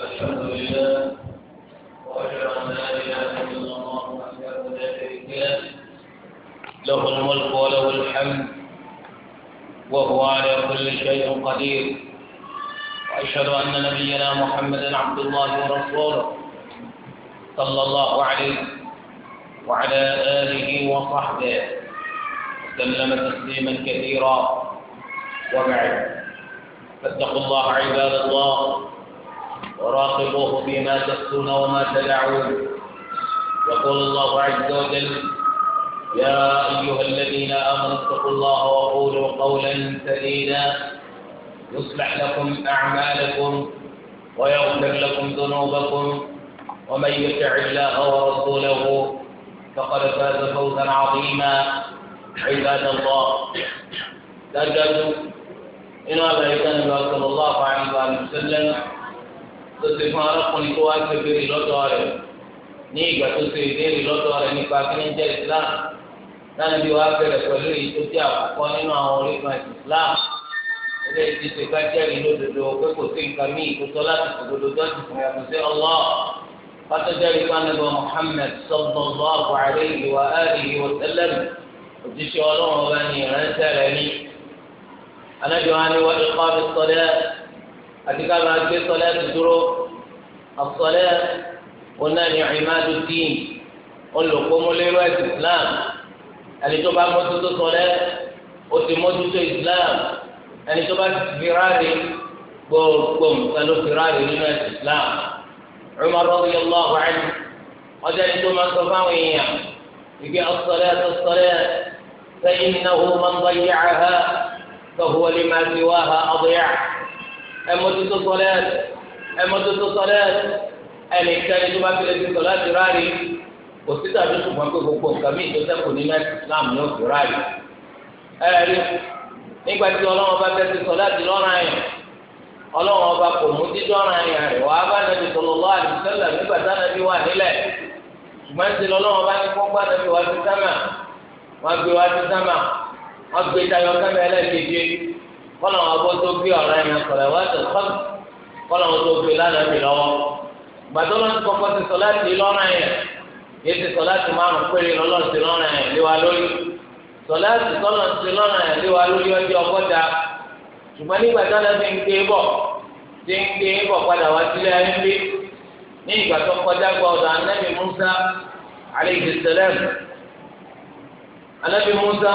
الحمد لله وأشهد أن لا إله إلا الله لا شريك له له الملك وله الحمد وهو على كل شيء قدير وأشهد أن نبينا محمدا عبد الله ورسوله صلى الله عليه وعلى آله وصحبه وسلم تسليما كثيرا وبعد فاتقوا الله عباد الله وراقبوه فيما تخفون وما تدعون يقول الله عز وجل يا أيها الذين آمنوا اتقوا الله وقولوا قولا سديدا يصلح لكم أعمالكم ويغفر لكم ذنوبكم ومن يطع الله ورسوله فقد فاز فوزا عظيما عباد الله لا تجدوا إن الله صلى الله عليه وسلم tó ṣe fún arákùnrin tó wá gbé béèrè lọ́dọ̀ rẹ̀ ní ìgbà tó ṣe ìbéèrè lọ́dọ̀ rẹ̀ nípa kíni jẹ́ islam láti wá bẹ̀rẹ̀ pẹ̀lú èyí tó jẹ́ àkọ́kọ́ nínú àwọn orígun ẹ̀sìn islam ilé ti ṣe ká jẹ́rìí lódodo pé kò sí nǹkan mí ìkótọ́ láti ṣòdodo dọ́jú fún yàtọ̀ sí ọlọ́ pátọ́jẹ́rìí pánẹ́bọ̀ Muhammad sallallahu alaihi wa alihi wa sallam òjíṣẹ́ àti ká máa gbé sọlá ti dúró àsọlá onáni ìmáàdù dín olùkómọlérò ẹsẹ Islam ẹni tó bá mójútó sọlá ó ti mójútó Islam ẹni tó bá fi ráre gbogbo nǹkan ló fi ráre nínú ẹsẹ Islam Umar radiyallahu anhu ọjà ẹni tó máa sọ fáwọn èèyàn ìgbé àsọlá àsọlá fẹ́yìn náà ó máa ń bá yẹ àhá. فهو لما سواها أضيع ẹmọdodo sọlẹ ẹmọdodo sọlẹ ẹnìkan tó bá fẹlẹ fi sọlẹ ti ráàlì òtítà tó tún fún gbogbo nǹkan mi tó sẹ́kù ní islam ní òtún ráàlì ẹ̀rí nígbà tí ọlọ́wọ́n bá fẹ́ lọ́ra ọba kò mú dídọ́ ọ̀ra yẹn rẹ̀ wàá bá nàbì sallallahu alaihi wasallam nígbà tánàbí wà nílẹ̀ ṣùgbọ́n ti bá ní kọlọ wọn bó tó gbé ọ̀rọ̀ yẹn sọ̀rọ̀ wọn tó sọ kọlọ wọn tó gbé lánàá mi lọ́wọ́ gbàtọ lọ sí kọ́kọ́ ti sọ láti lọrọ yẹn yìí ti sọ láti márùn péré lọlọ sí lọrọ yẹn léwa lórí sọ láti sọlọ sí lọrọ yẹn léwa lórí ọjọ́ ọgọ́ta ṣùgbọ́n nígbà tí wọn fi ń gbé bọ̀ ti ń gbé bọ̀ padà wá sílé ayé ń ní ìgbà tó kọjá gba ọ̀dọ̀ anabi musa aleyhi salam anabi musa.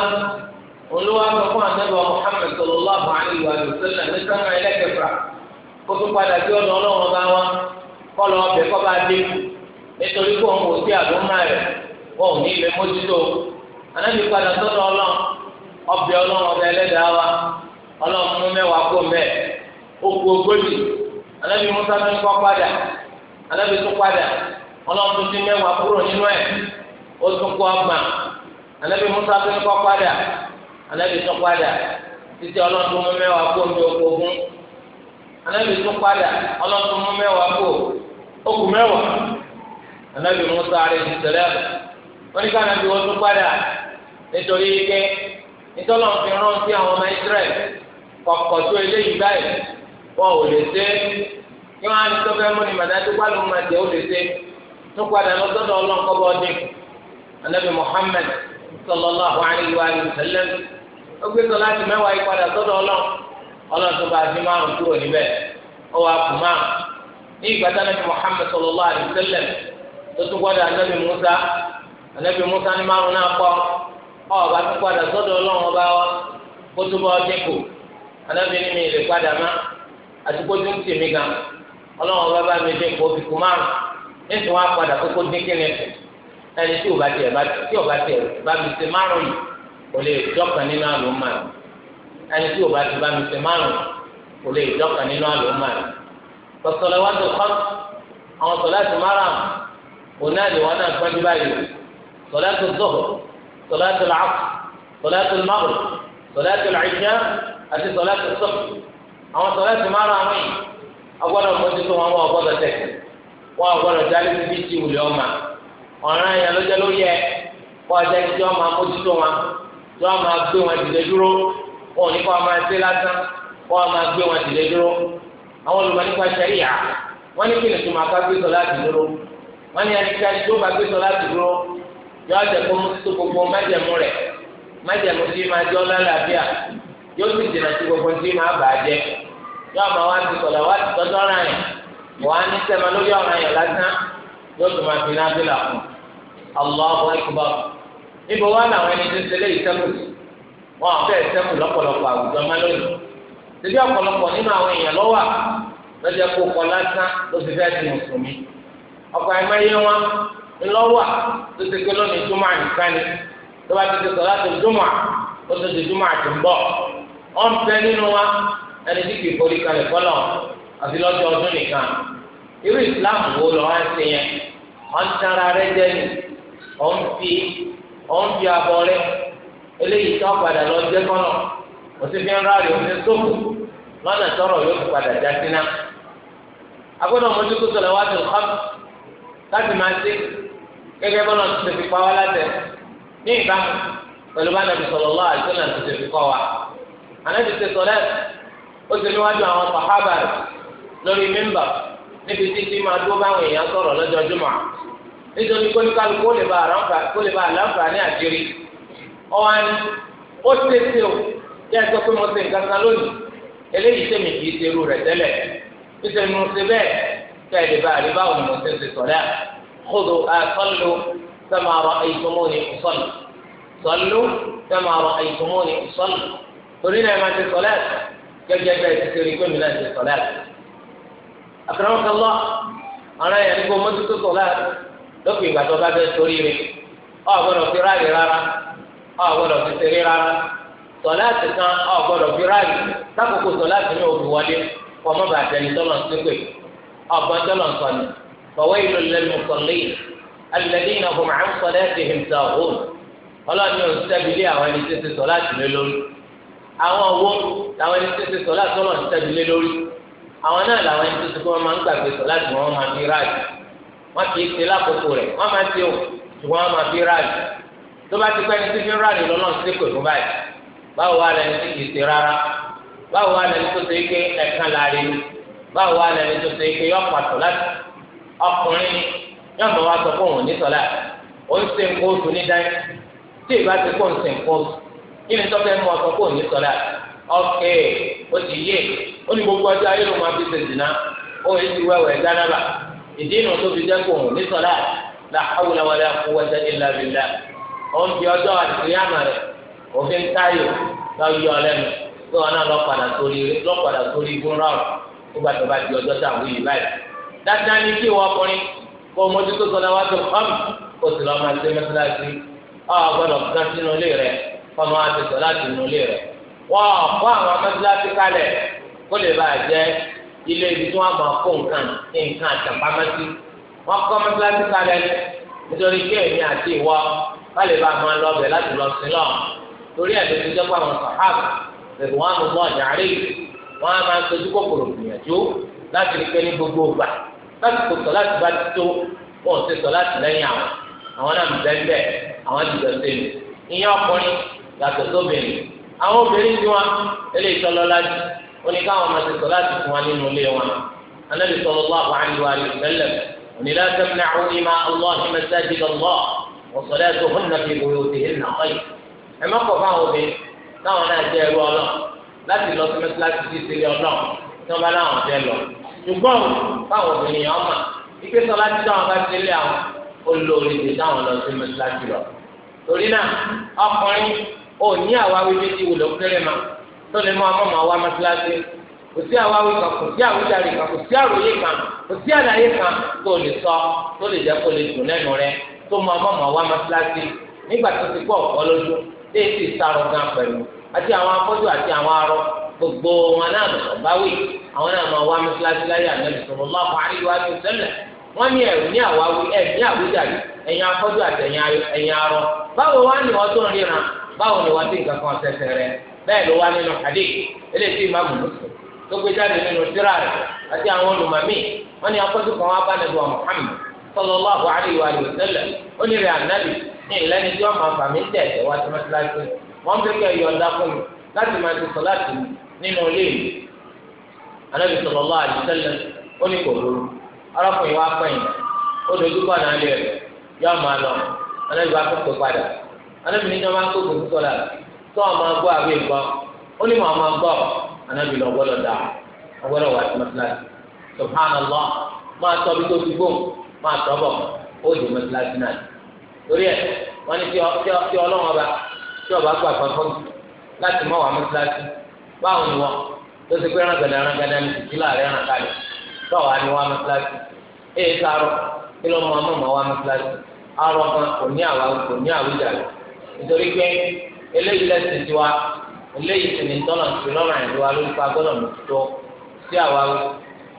olúwa sọ fún anábọ Muhammad sallallahu alayhi wa sallam ní sọmọ ẹlẹkẹfà kó tó padà sí ọ̀nà ọlọ́run bá wá kọlọ ọbẹ kọba dé nítorí kó ń wò sí àdúrà rẹ wọn ò ní ilé mójútó anábì padà sọ́dọ̀ ọlọ́run ọbẹ ọlọ́run ọbẹ ẹlẹ́dàá wa ọlọ́run mú mẹ́wàá kó mẹ ogun ogójì anábì musa tó ń kọ padà tó padà tó ti kúrò nínú ẹ ó anabi tún padà títí ọlọ́dún mú mẹ́wàá kó omi oko ogún anabi tún padà ọlọ́dún mú mẹ́wàá kó okùn mẹ́wàá anabi musa alayhi salam wọ́n ní ká anabi wọ́n tún padà nítorí ike nítorí wọn fi rántí àwọn ọmọ israẹl kọ̀kọ̀ tó eléyìí báyìí wọn ò lè kí wọn á ó lè tún padà anabi muhammed sallallahu alayhi wa sallam. ó gbé sọ láti mẹ́wàá yìí padà sọ́dọ̀ ọlọ́run ọlọ́run tó bá fi márùn kúrò níbẹ̀ ó wàá kù márùn ní anabi muhammed sallallahu alaihi tó tún gbọ́dọ̀ anabi musa anabi musa ní márùn náà ọba tó padà sọ́dọ̀ ọlọ́run ọba wa kó tó bá ọdún kò lè dọ́kan nínú àlùmọ́ rẹ̀ ẹni tí o bá ti bá mi ṣe márùn kò lè dọ́kan nínú àlùmọ́ rẹ̀ pọ̀sọ̀lẹ̀ wá tó kọ́ àwọn sọ̀lá ti márùn kò náà lè wọ́n náà gbọ́dú báyìí sọ̀lá tó zọ̀họ̀ sọ̀lá tó làákù sọ̀lá tó máàrù sọ̀lá tó làìjá àti sọ̀lá tó sọ̀kù àwọn sọ̀lá ti márùn àwọn yìí agbọ́dọ̀ mọ́tò wọn wọ́n gbọ́dọ̀ tẹ̀ wọ́n gbọ́dọ̀ tí wọn máa gbé wọn dìde dúró wọn ò ní kó wọn máa ṣe lásán wọn máa gbé wọn dìde dúró àwọn olùmọ̀ nípa sẹríyà wọn ní kí ni tuma ká gbé sọ láti dúró wọn ní ẹnikẹ́ni tó bá gbé sọ láti dúró yọ ọjà kó mú tó gbogbo májẹ̀mú rẹ̀ májẹ̀mú tí máa jọ lálàáfíà yóò sì dènà sí gbogbo tí máa bàjẹ́ yọ ọmọ wa ti sọlọ wa ti tọjọ ọ̀ràn yẹn wọn á ní sẹmọ lórí ọ̀ràn yẹn lásán yóò tún máa fi náà níbo wá làwọn ẹni tó ṣẹlẹ̀ ìṣẹ́kù wọn àfẹ́ ìṣẹ́kù lọ́pọ̀lọpọ̀ àwùjọ má lónìí ṣebí ọ̀pọ̀lọpọ̀ nínú àwọn èèyàn lọ́wọ́ lọ́jọ́ kó kọ lásán ló ti fẹ́ di mùsùlùmí ọkọ̀ ẹ̀mẹ́yẹ wọn ńlọ́wọ́ tó ti pé lónìí júmọ̀ nìkan ni tó bá ti ti sọ láti júmọ̀ ó ti di júmọ̀ àti ń bọ̀ wọ́n fẹ́ nínú wa ẹni tí kì í forí kalẹ̀ fọlọ́ àti lọ́jọ́ ọdún nìkan irú ìsìláàmù wo lọ́wọ́ á ń ṣe yẹn wọ́n ń tara rẹ jẹ́ ni wọ́n ń fi ọ̀n bí abọ́ rẹ eléyìí tó padà lọ jẹ́ kọ́nà òsì fi ń ráàlì na lọ́nà tọrọ yóò fi padà já sí náà. agbọ́dọ̀ mọ́tòkó sọ̀rọ̀ wá sí ọ̀hán láti máa ṣe gẹ́gẹ́ bọ́lá ti fi pa wá láti ní ìbámu pẹ̀lú bá nàbì sọ̀rọ̀ lọ́wọ́ àti náà ti fi kọ́ wa. ànábì ti sọ̀rọ̀ ẹ̀ ó ti níwájú àwọn sàhábà lórí mímbà níbi títí nítorí pé kálukú ó lè bá àlàǹfà ó lè bá àlàǹfà ní àjẹrí ọ̀hán ó ṣe ṣe o yẹ ẹ sọ pé mo ṣe nǹkan kan lónìí eléyìí tẹ̀mí kì í ṣe irú rẹ̀ tẹ́lẹ̀ nítorí mo ṣe bẹ́ẹ̀ kí ẹ lè bá àlè báwo ni mo ṣe ṣe sọ̀lá kódò àtọ́lù sẹ́mu àrọ̀ ẹ̀yìnkùnmọ́ ìsọ̀lù sọ̀lù sẹ́mu àrọ̀ ẹ̀yìnkùnmọ́ ìsọ̀lù torí náà máa ṣe sọ̀lá gẹ́gẹ́ bẹ́ẹ̀ ti ṣe rí pé mi náà ṣe sọ̀lá àkàrà lópin ìgbà tó bá fẹ́ sórí rẹ̀ ọ̀ gbọ́dọ̀ fi ráàyè rárá ọ̀ gbọ́dọ̀ fi ṣeré rárá sọláàtì kan ọ̀ gbọ́dọ̀ fi ráàyè sákòókò sọláàtì ní òbí wọlé ọmọ bàtẹ́ni tọ́lọ̀ sípè ọ̀gbọ́n tọ́lọ̀ sọ̀nì fọwọ́ ìlú lẹ́nu sọ̀lẹ́ alẹ́dínà fún màá ń sọlẹ́ ti hìm sàhùn ọlọ́ọ̀ni ò sẹ́bílé àwọn ẹni títí sọláàtì lé lórí àwọn owó làwọn ẹni títí sọláàtì ọlọ́ọ̀ni sẹ́bílé lórí àwọn náà làwọn ẹni títí kí máa ń gbàgbé sọláàtì wọn máa fi ráàyè wọn kì í ṣe lákòókò rẹ̀ wọn máa ṣe o ṣùgbọ́n wọn máa fi ráàlì tó bá ti pẹ́ ní fífi ráàlì lọ́nà sí pè fún báyìí báwo wá lẹni tí kì í ṣe rárá báwo wá lẹni tó ṣe ike ẹ̀kan láre ni báwo wá lẹni tó ṣe ike yọ pàtó láti ọkùnrin ni yọ mọ wá sọ fún òun ní sọlá ó ń ṣe nǹkan oṣù ní dáyé tí ìbá ti kó ń ṣe nǹkan oṣù kí ni tọ́kẹ́ mú ọ sọ fún òun ní sọlá ọkẹ́ ó ti yé ó ní gbogbo ọjọ́ ayélujára máa fi ṣe dìná ó yẹ ti wẹ́wẹ́ dáná ìdí inú tó fi jẹ́ kó òun ní sọ́lá la hawla wala quwwata illa billah òun fi ọjọ́ àtìyámà rẹ̀ òfin táyò lọ yọ lẹ́nu pé wọn náà lọ́padà sórí lọ́padà sórí gúnrọ̀ nígbà tó bá di ọjọ́ tá a wúyì báyìí. dáadáa ní kí ìwọ ọkùnrin kó o mójútó sọ́lá wá tó hàn kó o sì lọ́ọ́ máa ṣe mẹ́tíláṣí ọ̀ gbọ́dọ̀ kán sínú ilé rẹ̀ fọmọ àti sọ́lá sínú ilé rẹ̀ wọ́n kó àwọn mẹ́tíláṣí kalẹ̀ kó lè bàa jẹ́ ilé ibi tí wọ́n máa kó nǹkan nǹkan àtàpámẹ́sí wọ́n kọ́ mẹ́tíláṣí kalẹ̀ nítorí kí èmi àti ìwọ bá lè bá máa lọ bẹ̀ láti lọ sí lọ torí ẹ̀ ló ti jẹ́ pé àwọn sàhábà pẹ̀lú wọn mú wọn jàre wọn á máa sojú kòkòrò gbìyànjú láti rí pé ní gbogbo ìgbà láti kò sọ láti bá ti tó wọn ò ti sọ láti lẹ́yìn àwọn àwọn náà ń bẹ́ẹ̀ bẹ́ẹ̀ àwọn ti lọ sí mi ìyẹn ọkùnrin yàtọ̀ sóbìnrin àwọn obìnrin tí wọn eléyìí tọ́lọ́lá jù oní káwọn ọmọ ti sọ láti fún wa nínú ilé wọn anabi sallallahu alaihi wa sallam oní la tamna'u ima Allahi masajid Allah wa salatuhunna fi buyutihinna khayr ẹ má kọ̀ fáwọn obìnrin táwọn náà jẹ́ ẹrú ọlọ́ láti lọ sí mẹ́tíláṣí sí ìṣẹ̀lẹ̀ ọlọ́ tí wọ́n bá láwọn fẹ́ lọ. ṣùgbọ́n báwọn obìnrin yẹn ọmọ ike sọ láti táwọn bá ṣe lé àwọn olórí tó lè mú ọmọọmọ wa mọ́tíláṣí kò sí àwáwí kan kò sí àwíjàre kan kò sí àròyé kan kò sí àlàyé kan tó lè sọ tó lè jẹ́ kó lè dùn lẹ́nu rẹ tó mú ọmọọmọ wa mọ́tíláṣí nígbà tó ti pọ̀ ọ̀pọ̀ lójú déètì sáró gan pẹ̀lú àti àwọn afọ́jú àti àwọn arọ gbogbo wọn náà báwí àwọn náà máa wá mọ́tíláṣí láyé ànábì sallallahu alaihi wa sallam wọn ní ẹrù ní àwáwí ẹrù ní àwíjàre ẹ̀yin afọ́jú àti ẹ̀yin arọ báwo wá ní ọdún ríran báwo bẹ́ẹ̀ ló wá nínú hadith eléyìí tí ìmáàmù Muslim tó gbé jáde nínú síra rẹ̀ àti àwọn olùmọ̀mí wọn ni akọ́jú kan wá wa wa sallam ó ní rẹ̀ ànábì ní ìlẹ́ni tí wọ́n máa fà mí tẹ̀ ẹ̀ wá wọ́n kẹ́ fún mi láti máa ti sọ̀láàtì nínú ilé mi ànábì sallallahu alayhi wa ó tó ọmọ agbọ́ àbí nǹkan ó ní mọ ọmọ agbọ́ anábì lọ gbọ́dọ̀ dà ọgbọ́dọ̀ wà sí mọ́tíláṣí subhanallah máa tọ́ bí tó fi gbóhùn máa tọ́ bọ̀ ó dé mọ́tíláṣí náà torí ẹ̀ wọ́n ní tí ọlọ́run ọba ọba gbà láti mọ́ wà mọ́tíláṣí báwo ni wọ́n tó ti pé ní ní wà mọ́tíláṣí èyí sáró kí ló ọmọ wà mọ́tíláṣí eléyìí lẹ́sìn tiwa eléyìí sì ní tọ́nà sí lọ́nà ìlúwa lórí pa gbọ́dọ̀ mọ̀tò sí àwa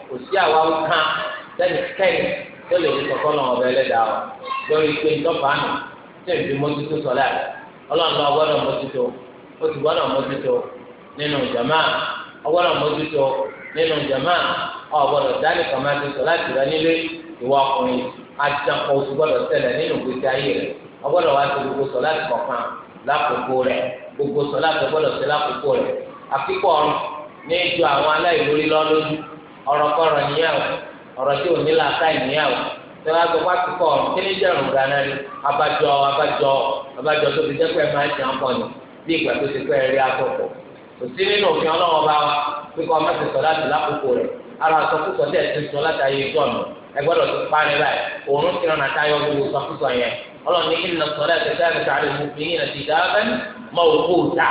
kò sí àwa kan sẹ́ni kẹ́ni tó lè ní kọ̀kọ́ lọ́wọ́ ikpe ẹlẹ́dàá wa lórí pé ntọ́fà nù tí èmi mójútó sọ̀lá ọlọ́run náà gbọ́dọ̀ mójútó ó ti gbọ́dọ̀ mójútó nínú ọgbọ́dọ̀ mójútó nínú ọgbọ́dọ̀ dání kàmá ti nílé lákòókò rẹ̀ gbogbo sọlá tó gbọ́dọ̀ sí lákòókò rẹ̀ àfikọ ọrùn ní ju àwọn aláìlórí lọlójú ọ̀rọ̀ kọrọ níyàwó ọ̀rọ̀ tí ò ní làákà níyàwó tí wọn sọ wọn àfikọ ọrùn kí ní jẹrùn gánà rí abájọ abájọ abájọ tó fi jẹ pé máa ń jẹun pọ ni bí ìgbà tó ti pẹ́ rí akọkọ kò sí nínú òfin ọlọ́wọ́ bá wa pé kọ́ ọmọ ti sọ láti lákòókò rẹ̀ ara sọkúsọ tẹ̀ ti sọ látàyè ìtọ́nù ẹgbẹ́ lọ ti parí báyìí òórùn ti rán ọlọ́run ní ìlànà sọ̀rọ̀ ẹ̀kẹ́tẹ́ ẹ̀kẹ́tẹ́ àrẹ mùsùlùmí náà ti dá ẹ́ mọ òkú ta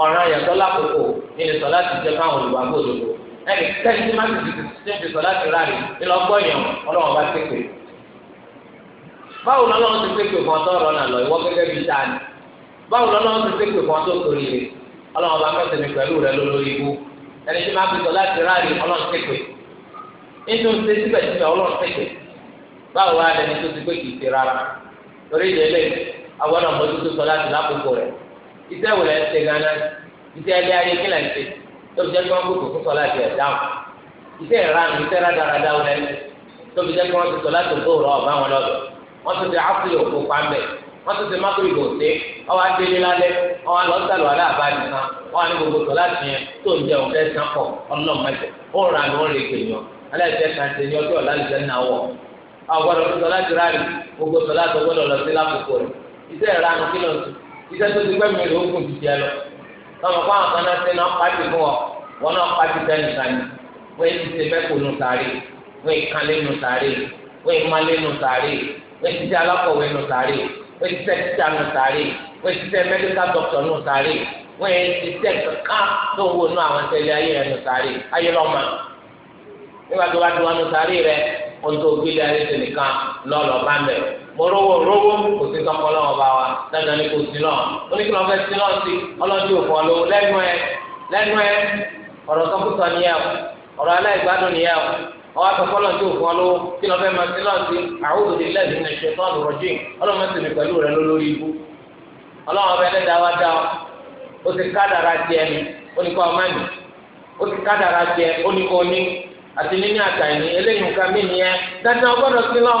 ọ̀ràn yàtọ̀ lákòókò nínú sọ̀rọ̀ láti jẹ́ fáwọn olùwàgbọ́ òdodo ẹ̀kẹ́ tẹ́lẹ̀ tí máa ń ti ti ti sọ̀rọ̀ láti rà rí nínú ọgbọ́n yẹn ọlọ́run bá tẹ́kẹ̀. báwo lọ́lọ́run ti tẹ́kẹ̀ fún ọtọ́ ọ̀rọ̀ náà lọ ìwọ gẹ́gẹ́ bíi ta ni báwo lọ́lọ́run ti tẹ́kẹ̀ fún ọtọ́ òkòrì rẹ̀ ọlọ́run bá torí ilé lè àwọn ọmọ tó tó sọlá ti lákòókò rẹ iṣẹ́ wò lẹ ń ṣe gánà iṣẹ́ ẹgbẹ́ ayé kí lẹ ń sọlá ti ẹ̀ dáhùn iṣẹ́ ìranù iṣẹ́ rádaràdà tóbi kí sọlá tó tó rọ wọn ti òkú ti sọlá tó ń jẹ ó ràn àgbọ̀dọ̀ ló sọlá ti ráàlì gbogbo sọlá tó gbọ́dọ̀ lọ sí lákòókò rẹ̀ iṣẹ́ ìranu kí ló ń tu iṣẹ́ tó ti gbẹ́mìí rẹ̀ ó kùn ti jẹ lọ. lọ́mọ fún àwọn kan náà ṣe náà pàṣẹ fún ọ wọn náà pàṣẹ sẹ́yìn sani wọ́n ti ṣe mẹ́kò nù sàárè wọ́n ìkànnì nù sàárè wọ́n ìmọ̀lẹ́ nù sàárè wọ́n ti ṣe alákọ̀wé nù sàárè wọ́n ti ṣe tíṣà nù sàárè wọ́n ti ṣe mẹ́díkà dọ́kítọ̀ nù sàárè wọ́n ti ṣe kankan tó wọ́n nù àwọn tẹ̀lé ayé ohun tó gbélé ayé ti nìkan lọ́lọ́ bá mẹ́ mo rówó kò sí tọkọ lọ́wọ́ bá wa dandan ni kò sí náà oníkìlọ̀ ọ̀fẹ́ sí náà sí ọlọ́dún òfò ọlọ́wọ́ lẹ́nu ẹ ẹ ni ẹ ọ̀rọ̀ aláìgbádùn ni ẹ ọwọ ọlọwọ kí máa lọ sí àwùjọ àti níní àtàní eléyìí nǹkan mí nìyẹn dandan ọgbọ́dọ̀ sí lọ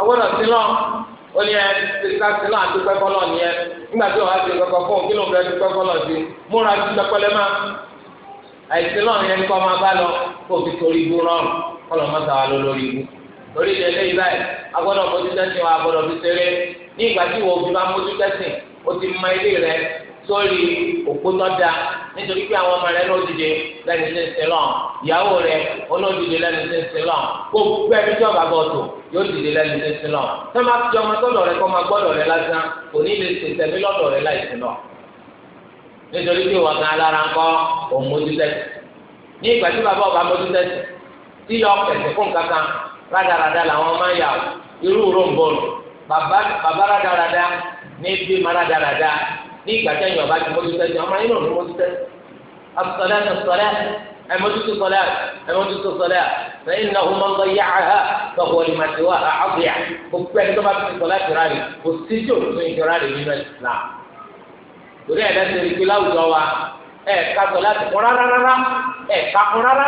ọgbọ́dọ̀ sí lọ ó ní ẹ ká sí lọ àti pẹ́kọ́ lọ nígbà tí wàá ti kọ́kọ́ fún kí ló ń ti pẹ́kọ́ lọ sí múra ti pẹ́pẹ́lẹ́ má àìsí lọ yẹn máa bá lọ kó fi torí rọrùn lórí torí nítorí pé àwọn ọmọ rẹ ló dìde lẹ́nu tí ń sin lọ́n ìyàwó rẹ ló dìde lẹ́nu tí ń sin lọ́n gbogbo ẹbí tí ọba bọ̀ tó yóò dìde lẹ́nu tí ń sin lọ́n tó máa fi ọmọ tó lọ́ọ̀rẹ́ kọ́ máa gbọ́dọ̀ rẹ lásán kò ní lè ṣe tẹ̀mí lọ́dọ̀ rẹ láì sin lọ́n nítorí pé wọn kan alára ń kọ́ òun mójú tẹ̀sí ní ìgbà tí bàbá ọba mójú tẹ̀sí tí yọ pẹ̀sẹ̀ fún kankan rádaràda làwọn máa ń yà irú ròǹbọ̀lù bàbá rádaràda ní bí má rádaràda ní ìgbà tẹ́yìn ọba ti mójú tẹ́sí ọmọ yín náà ló mójú tẹ́sí asọ̀lẹ́ asọ̀lẹ́ ẹ̀mọ́tútù sọ̀lẹ́ ẹ̀mọ́tútù sọ̀lẹ́ lẹ́yìn náà wọ́n máa ń lọ yá àhá lọ́kọ̀ olùmọ̀tìwá àbíyá gbogbo ẹni tó bá fi sọ̀lẹ́ tìrà rẹ̀ kò sí tí òtún ìjọra rẹ̀ nínú Islam torí ẹ̀ lẹ́sẹ̀ rí pé láwùjọ wa ẹ̀ ká sọ̀lẹ́ àti kún rárá ẹ̀ ká kún rárá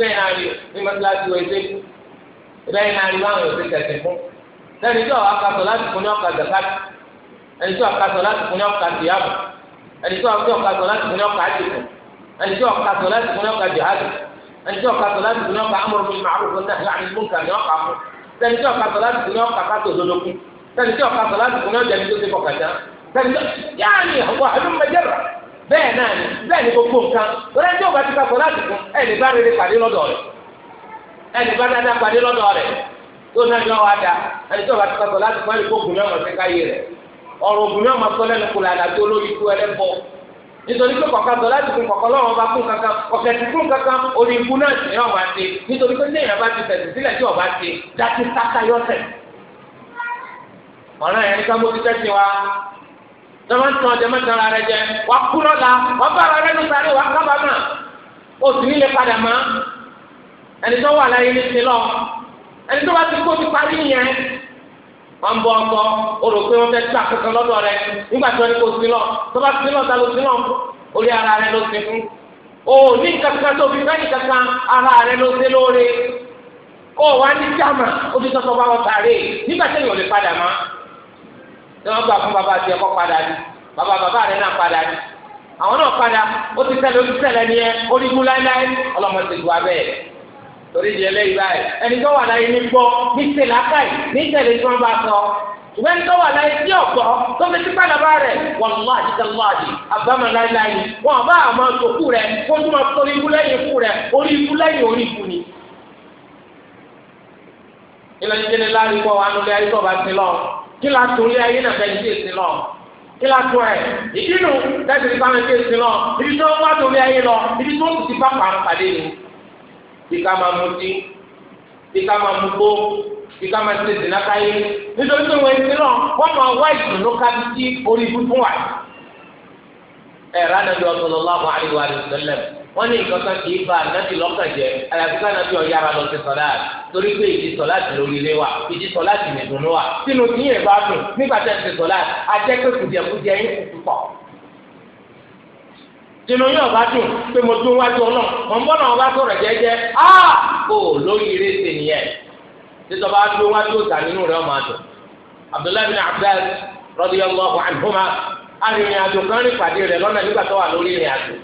lẹ́yìn náà rí ní mọ́tíláṣí wọ́n ṣe lẹ́yìn náà rí ẹni tí ọ̀ka sọ láti fún ní ọ̀ka tìyàmù ẹni tí ọ̀ka sọ láti fún ní ọ̀ka àjẹkù ẹni tí ọ̀ka sọ láti fún ní ọ̀ka jihadi ẹni tí ọ̀ka sọ láti fún ní ọ̀ka amúrú bíi màálù fún náà láti fún kàní ọ̀ka fún ẹni tí ọ̀ka sọ láti fún ní ọ̀ka kátó lólókun ẹni tí ọ̀ka sọ láti fún ní ọ̀jà ní tó já ẹni tí yáàni wà ló mẹjẹrà bẹ́ẹ̀ náà ni bẹ́ẹ̀ ni gbogbo nǹkan ọ̀rẹ́ tí ọba ti ka sọ láti fún ẹni bá rere pàdé lọ́dọ̀ rẹ̀ ẹni bá dáadáa pàdé lọ́dọ̀ rẹ̀ tó náà ni ọwọ́ ada tí ọba ka sọ láti fún ẹni gbogbo ọ̀rọ̀ ògùn náà máa sọ lẹ́nu kò lànà tó lórí ikú ẹlẹ́bọ nítorí pé kọ̀ọ̀kan sọ láti fún kọ̀ọ̀kan lọ́wọ́ bá fún kankan ọ̀kẹ́ ti fún kankan orí ikú náà sì náà máa ṣe nítorí pé ní ìyàbá ti fẹ̀sì sílẹ̀ tí ọba ṣe dákí sáká yọ̀tẹ̀. ọ̀ràn yẹn ní ká mójú tẹ́sí wa lọ́wọ́ ń ara rẹ jẹ wà kú lọ́la wà bá ara rẹ nísàlẹ̀ wà kábàámà o sì nílé padà mọ́ ẹni tó wà láyé ní ti lọ ẹni tó bá ti kó ti parí yẹn wọn bọ ọkọ o rò pé wọn fẹẹ tún rẹ nígbà tí wọn lọ tó bá lọ ta ló lọ orí ara rẹ ló sin fún o ní kankan tó fi kankan ara rẹ ló sin lóore o wa ní jàmà o fi bá wọn nígbà tí èèyàn lè padà má wọn gbà fún bàbá padà ni bàbá bàbá rẹ náà padà ni àwọn náà padà ó ti ó ti ni ẹ ó ní kú torí di ẹlẹ́yìí báyìí ẹni tó wà láyé ní gbọ́ ní sèlákàì ní tẹ̀lé tí wọ́n bá sọ ṣùgbọ́n ẹni tó wà láyé sí ọ̀gbọ́ tó fi sí pàlàbà rẹ̀ wàlúwàdì tẹ̀lúwàdì àbámọ̀ láéláé wọn bá àmọ́ sòkú rẹ̀ kó tó máa sọ ikú lẹ́yìn ikú rẹ̀ orí ikú lẹ́yìn orí ikú ni. ìlànà ìdílé láàrin kọ́ wàánu lé ayé tó bá ti lọ kí la tún lé ayé nàfẹ́ ní ti lọ kí la tún ẹ̀ ìdí nu láti fi bá mi ti lọ ibi tó wá tó lé ayé lọ ibi tó ti bá pàrọ̀ ni bí ká máa mutí bí ká máa mugbó bí ká máa tètè nákàyé nítorí pé wọ́n ti náà wọ́n máa wá ìdùnnú kábi sí orí fúnfún wa. ẹ ránàbí sallallahu alaihi wa sallam wọ́n ní nǹkan kan kì í ba ànábì lọ́kàn jẹ́ àyàfi ká ànábì ọ̀yára lọ sí sọ̀lá torí pé ìdí sọ̀lá ti lórí ilé wa ìdí sọ̀lá ti mẹ̀dùnú wa sínú tí yẹn bá dùn nígbà tẹ̀ sí sọ̀lá ajẹ́ kùdìẹ̀kùdìẹ̀ yín kù inú yóò bá dùn pé mo dún wájú ọ náà mọ̀ ń bọ́ náà wọ́n bá sọ̀rọ̀ jẹ́jẹ́ á ah! kò lórí eré ṣe nìyẹn títọ́ bá dún wájú ọ̀tà nínú rẹ̀ ọmọ àdùn Abdullahi bin Abbas radiyallahu anhuma arìnrìn àjò kan rí pàdé rẹ̀ lọ́nà nígbà tó wà lórí ìrìn àjò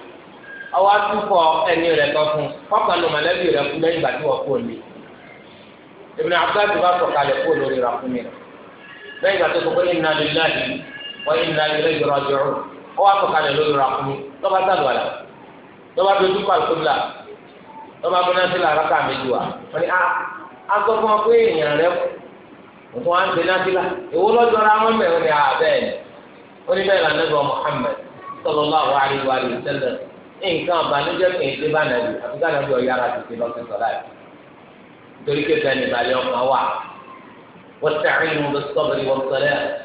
ọwọ́ atúfọ̀ ẹni rẹ̀ kan fún kọ́kàn ló mọ̀lẹ́bí kú lẹ́yìn ìgbà tí wọ́n kú òní Ibn Abbas bá sọ̀kalẹ̀ kú rà fún mi lẹ́yìn ìgbà tó sọ ọwọ́ àtọ̀kalẹ̀ lórí ra fún mi lọ́ba sàlù àlà lọ́ba dojú kọ àlùkòbílà lọ́ba bọ́nẹ́sì làrá ká méjì wá wọ́n ní agbọ́gbọ́n pé èèyàn rẹ fún wa ń ṣe náfìlà èwo lọ́jọ́ ra wọn mẹ́rin ní abẹ́ẹ̀ ó ní bẹ́ẹ̀ lànàbọ̀ Muhammad sallallahu alaihi wa sallam nǹkan àbànújẹ́ kì í ṣe bá nàbì àti ká nàbì ọ̀yára ti ṣe lọ́sẹ̀ sọ̀rọ̀ àyè torí kékeré ní ìbàlẹ̀ ọkàn wà wọ́n ti àìyàn lọ sọ́bìrì wọ́n sọ̀rọ̀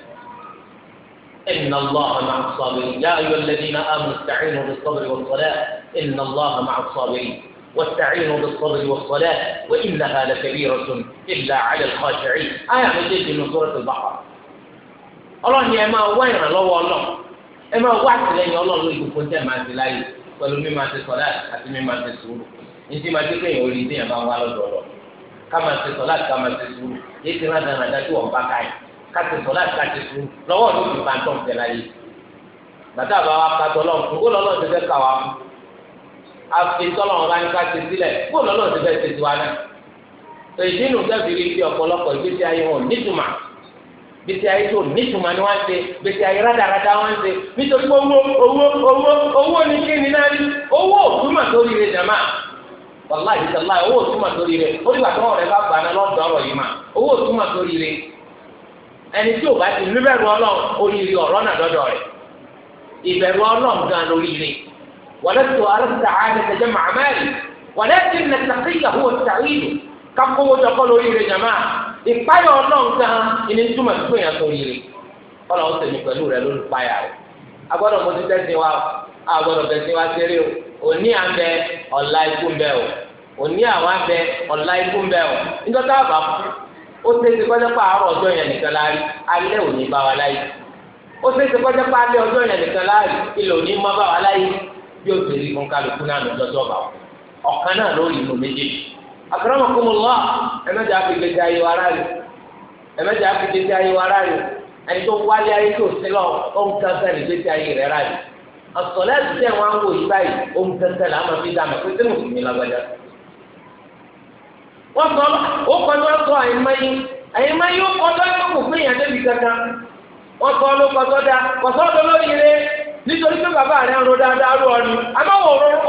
إن الله مع الصابرين يا أيها الذين آمنوا استعينوا بالصبر والصلاة إن الله مع الصابرين واستعينوا بالصبر والصلاة وإنها لكبيرة إلا على الخاشعين آية مجيد من سورة البقرة ọlọ́run yẹn máa wá ìrànlọ́wọ́ ọlọ́run ẹ máa wá àtìlẹ́yìn ọlọ́run lójú kó tẹ̀ máa ti láyè pẹ̀lú mi máa ti sọ̀lá àti mi máa ti sùúrù ní ti máa ti kéèyàn orí ìdíyàn máa wá lọ́dọ̀ ọ̀rọ̀ ká máa ti sọ̀lá ká máa ti sùúrù yé ti rán dáradára tí wọ́n bá káyìí káti sọ láti káti sùn lọ́wọ́ ló fi máa tọ̀ tẹ̀ láyé bàtà bá wa ka tọ́lọ̀ fún kó lọ́lọ́ ti fẹ́ kà wá fún àfi wọn bá ní ti sílẹ̀ kó lọ́lọ́ ti fẹ́ ti wá náà èyí nù dábìrì fi ọ̀pọ̀lọpọ̀ ìgbésí ayé wọn nítumà gbèsè ayé tó nítumà ni wọ́n ṣe gbèsè ayé rádaràda wọ́n ṣe nítorí owó owó owó owó ni kí ni náà rí owó òtúmọ̀ sórí rẹ̀ jàmá wàláhì sàláhì owó òtúmọ̀ sórí rẹ̀ ó dìgbà tó wọn rẹ̀ bá gbà náà lọ́dọ̀ ọ̀rọ̀ yìí mà owó òtúmọ̀ sórí rẹ̀ ẹni tí ò bá ti níbẹ̀rù ọlọ́run oríire ọ̀rọ̀ náà dọ́dọ̀ rẹ̀ ìbẹ̀rù ọlọ́run gan lóríire wọlẹ́tò alẹ́sà àdìsẹ́jẹ́ màmáàlì wọlẹ́tì nàìjíríà hùwà sàríìlù kákówó jọkọ́ lóríire jàmá ìpáyọ̀ ọlọ́run gan ìní túmọ̀ tó yàn sóríire ọlọ́run sèmi pẹ̀lú lórí agbọ́dọ̀ mo ti tẹ́sí wa agbọ́dọ̀ tẹ́sí wa ṣeré o òní à ọ̀la ikú o òní àwọn ọ̀la ikú ó ṣeéṣe kọjá pa àárọ̀ ọjọ́ yẹn nìkan láàrí alẹ́ òní bá wa láyé ó ṣeéṣe kọjá pa alẹ́ ọjọ́ yẹn nìkan láàrí ilẹ̀ òní má bá wa láyé bí ó ṣe rí fún kálukú náà lọ́jọ́ tó bá wọn ọ̀kan náà ló rí inú méjì akramakumullah ẹ̀mẹ́jọ àfìgbèsè ayé wa rárí ẹ̀mẹ́jọ àfìgbèsè ayé wa rárí ẹni tó wálé ayé tó sí lọ ó ń kankan ìgbésí ayé rẹ̀ rárí ọ̀sọ̀lẹ́sì tẹ̀ wọ́n á wò yí báyìí ó ń kankan wọ́n sọ ó kọjú ọ̀sọ́ àyìnmáyé àyìnmáyé ó kọjú ọ̀sọ́ kò pé ìyàn débi kankan wọ́n sọ ló kọjú nítorí pé bàbá rẹ̀ ń ro dáadáa ọ ni àmọ́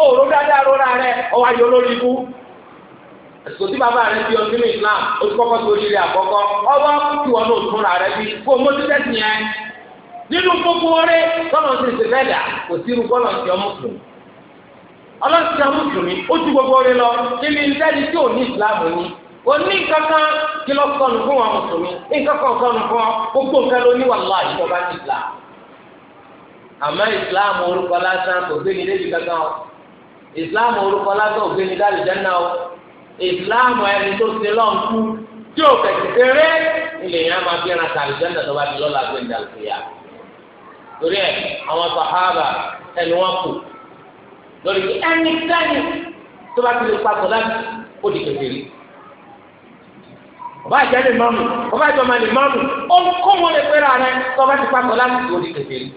òòró dáadáa rú rẹ̀ ọwọ́ ayé olórí ikú ẹsùn tí bàbá rẹ̀ fi ọdún Islam ó ti kọ́kọ́ sórí rẹ̀ àkọ́kọ́ ọwọ́ tí rẹ̀ bí ọlọ́sìn amúsùnmí ó ju gbogbo rẹ lọ níbi ìdájí tí ò ní ìsìláàmù ní o ní kankan kí lọ sọnù fún wa mùsùlùmí nǹkan kan sọnù fún ọ gbogbo nǹkan ló ní wàhálà ìjọba ní islam àmọ́ islam orúkọ lásán kò gbé ní débi kankan o islam orúkọ lásán kò gbé ní dábì jẹ́nà o islam ẹni tó ti lọ́n kú tí o kẹ̀kẹ́ kéré ilẹ̀ yẹn a máa fi ẹran tàbí jẹ́nà tó bá ti lọ́la gbé ní dàlùfẹ́ yá torí ẹ àwọn sàhábà ẹni wọn kù lórí kí ẹni dání tó bá ti lè pa sọlá ó di kékeré ọba àjẹ́ lè mọ́mù ọba àjọ máa lè mọ́mù ohunkóhun lè pẹ́ra rẹ tó bá ti pa sọlá ó di kékeré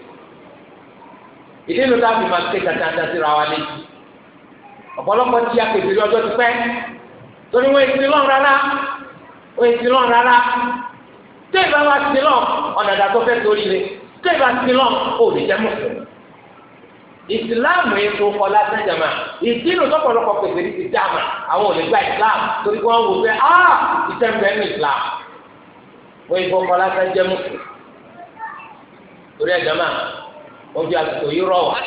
ìdí inú táwọn ìmọ̀ àti kẹta dáadáa síra wa létí ọ̀pọ̀lọpọ̀ ti ya kékeré ọjọ́ ti pẹ́ torí wọ́n èsì lọ́n rárá wọ́n èsì lọ́n rárá téèbà wa ti lọ́n ọ̀nàdà tó fẹ́ torí rẹ̀ téèbà ti lọ́n ò lè jẹ́ mọ̀fẹ́ ìsìláàmù yẹn tó kọ lásán jama ìdínú tọpọlọpọ pèsè ní ti dáàmà àwọn ò lè gba ìsìláàmù torí pé wọn wò pé a ah, ìtẹ̀m̀bẹ̀ ní ìsìláàmù wọ́n yìí fọkọ lásán jẹ́ mùsùlùmí torí ẹ̀ jama wọ́n fi àtúntò yìí rọ̀ wá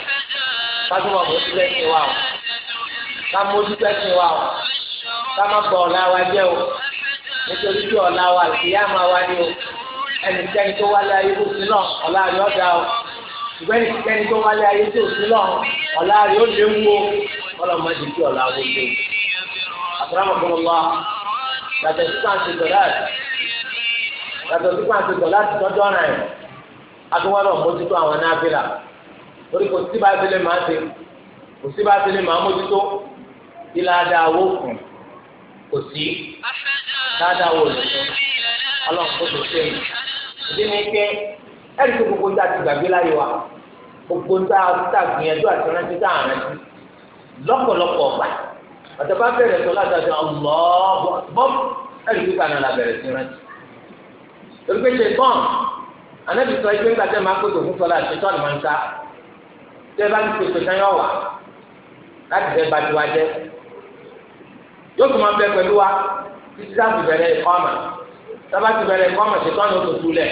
fásitì ọ̀bọ̀ sílẹ̀ sí wa o ká mójú tẹ́ sí wa o ká má gbọ́ ọ̀la wa jẹ́ o nítorí pé ọ̀la wa ìyá máa wá ní o ẹnìkẹ́ni tó wá láyé kó sí ọ̀la rẹ̀ ọ̀dà o. ṣùgbọ́n ní kíkẹ́ni tó wálé ayé tí ò sí lọ́hùn ọ̀la rẹ̀ ó lé wo kí ọ̀la wo lé o. àtàràmọ̀ fún wa yàtọ̀ sí pàǹtí tọ́láàtì yàtọ̀ sí pàǹtí tọ́láàtì tọ́jú ọ̀nà ẹ̀ mójútó àwọn torí kò sí bá tilẹ̀ máa ṣe kò sí bá tilẹ̀ máa mójútó ilà kù kò sí dáadáa wò lè ọlọ́run tó ṣe ẹ̀rí tó gbogbo tá a ti gbàgbé láyé wa gbogbo tá a tá a gbìyànjú àti rántí tá a rántí lọ́pọ̀lọpọ̀ ọ̀gbà àtẹ̀bá bẹ̀rẹ̀ sọ látàdé ọlọ́ọ̀bọ̀ bọ́m ẹ̀rí tó kàná la bẹ̀rẹ̀ sí rántí. torí pé ṣètọ́n anábì sọ ẹgbẹ́ ńgbà tẹ́ máa kótó fún sọlá ṣètọ́n máa ń ká tẹ́ bá ti pèsè tán yọ̀ wá láti fẹ́ bá tiwa jẹ́ yóò tún máa bẹ pẹ̀lú wa títí láti bẹ̀rẹ̀ ìkọ́mà tábà ti bẹ̀rẹ̀ ìkọ́mà ṣètọ́n ní oṣù túlẹ̀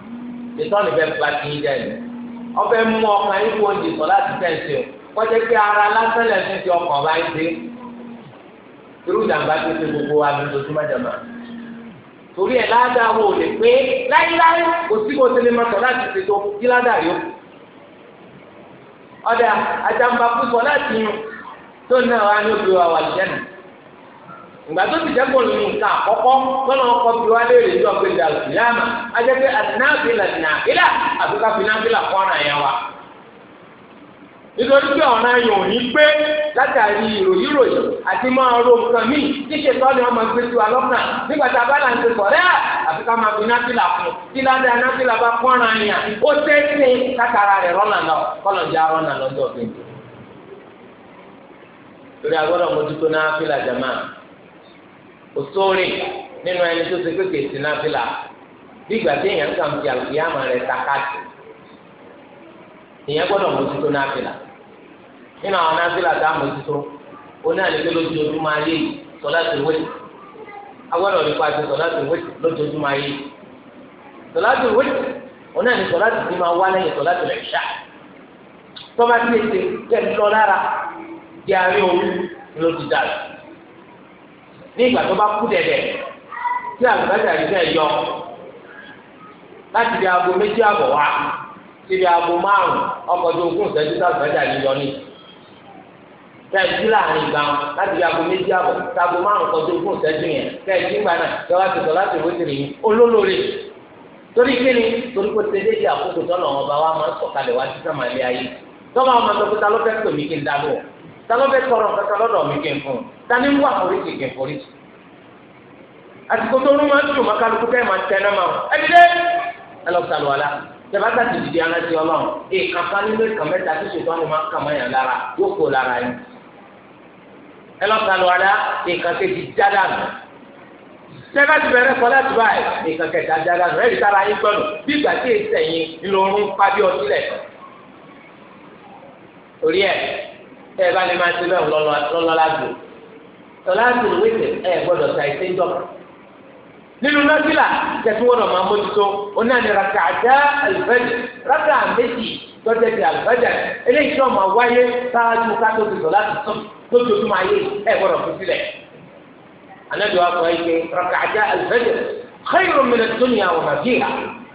ìtọ́ni bẹ́ẹ̀ bá kí í jẹ́ ẹ̀ ọbẹ̀ mú ọkàn yín kó oúnjẹ sọ láti tẹ̀sí o kọjá pé ara lásán lẹ́sìn ti ọkàn bá ń dé irú ìjàmbá tó ṣe gbogbo wa ló lójúmọ́ jàmbá torí ẹ̀ ládàá wo lè pé láyéláyé kò sí kó tẹ́lẹ̀ máa sọ láti ṣètò kí ládàá yó ọ̀dà àjàmbá fún sọ láti yún tó náà wá ní òbí wa wà lẹ́nu ìgbà tó ti dẹ́kun ní nǹkan àkọ́kọ́ lọ́nà ọkọ̀ bí wá léèrè ní ọ̀gbìn ìdàlù ìyáàmà ajẹ́pẹ́ àdínáàbílà dìnàbílà àbíká fìnàbílà kọ́ra yẹn wa. nítorí pé yìí ò ní pé àti máa ro nǹkan míì tí gbé sí wa lọ́kàn nígbà tá a bá làǹtí sọ̀rẹ́ à máa fún bá òsóòrè nínú ẹni tó ṣe kékeré sí náfìlà bí ìgbà tí èèyàn kàn fi àlùkìyàmà rẹ takàtì èèyàn gbọ́dọ̀ mójútó náfìlà nínú àwọn náfìlà tá a mójútó oní àlejò lójoojúmọ́ ayé sọlá ti wé nípa ti sọlá ti ayé oní máa wá ṣá tọ́ba tí lára di àárín òru ló ti dàrú. ní ìgbà tó bá kú dẹ̀dẹ̀ tí àlùbáṣà yìí fẹ́ yọ láti di aago méjì àbọ̀ wá sí di aago márùn-ún ọkọ̀ tó ogún ìṣẹ́jú tí àlùbáṣà yìí yọ ní. kẹ́ẹ̀jú láàrin ìgbà wọn láti di aago méjì àbọ̀ sí aago márùn-ún tó ogún ìṣẹ́jú yẹn kẹ́ẹ̀jú ìgbà náà kẹ́ wá sọ láti wéjìrì yín olólórí torí kíni torí kò tẹ́lẹ̀ di àkókò tọ́lọ̀ wọn bá wa máa ń sọ̀kalẹ̀ wá sí sàmàlẹ́ ayé tọ́ba wọn máa sọ pé ta ló fẹ́ talọ́bẹ̀ tọrọ kankan lọ́dọ̀ mi kì í fún un tani ń wà foríṣi kì í foríṣi. àsìkò tó ń máa ń dùn mọ́kàlùkù kẹ́ ẹ̀ máa ń tẹ́ náà máa ẹ ti dé ẹ lọ sàlùwà la ti dìde aláṣẹ ọlọ́run èèkàn kan nínú èèkàn mẹ́ta tó máa ń kàmọ́ yàn lára yóò kó lára yín. ẹ lọ sàlùwà la èèkàn kejì dáadáa nù tẹ́lá ti bẹ̀rẹ̀ kọ́ láti báyìí nǹkan kẹta dára rẹ̀ rí sára yín gbọ́nù bí ìgbà tí èsì ẹ̀yìn ńlọrọrùn pàdé ọtí lẹ̀. torí tẹ ẹ bá lè máa ṣe bẹ́ẹ̀ lọ́lọ́lá gbò lọ́lá gbò wíìtì ẹ gbọ́dọ̀ ta ẹsẹ̀ ń dọ̀kà nínú nọ́sílà tẹ̀sí wọn máa mójútó onáni rakàdá àlùfẹ́jì rákà méjì tọ́jẹ́ ti àlùfẹ́jì eléyìí tó máa wáyé sáájú kátó ti sọ̀lá ti sùn lójoojúmọ́ ayé ẹ gbọ́dọ̀ fi sílẹ̀ anabi wa sọ yìí rakàdá àlùfẹ́jì xeyìrò mìíràn tó ní àwọn màgíyà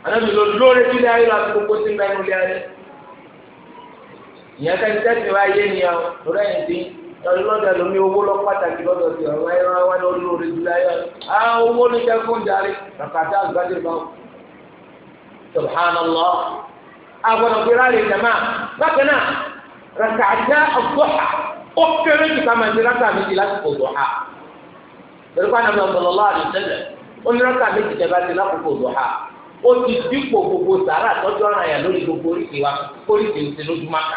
anabi ló ìyẹn kẹ́ni tẹ́sí wa yé ni ọ lórí ẹ̀yìn tí lọ́dọ̀ lómi owó lọ pàtàkì lọ́dọ̀ tí ọ̀rọ̀ ayé wa wá lórí orí ju láyọ̀ á owó ní sẹ́kùn darí kàkàtà àgbàdì bá subhanallah agbọ̀nà pé rálẹ̀ jama bákan náà rakàtà àgbọ̀hà ó kéré jù kàmá ti rákà méjì lásìkò dùhà pẹ̀lú pàdé ọmọ ọ̀sọ̀lọ́lá àdìsẹ́lẹ̀ ó ní rákà méjì tẹ̀bá ti lákòókò dùhà ó ti dípò gbogbo sàrà tọ́jú ọ̀ràn yà lórí gbogbo oríṣi wa oríṣi ìṣèlú dùmákà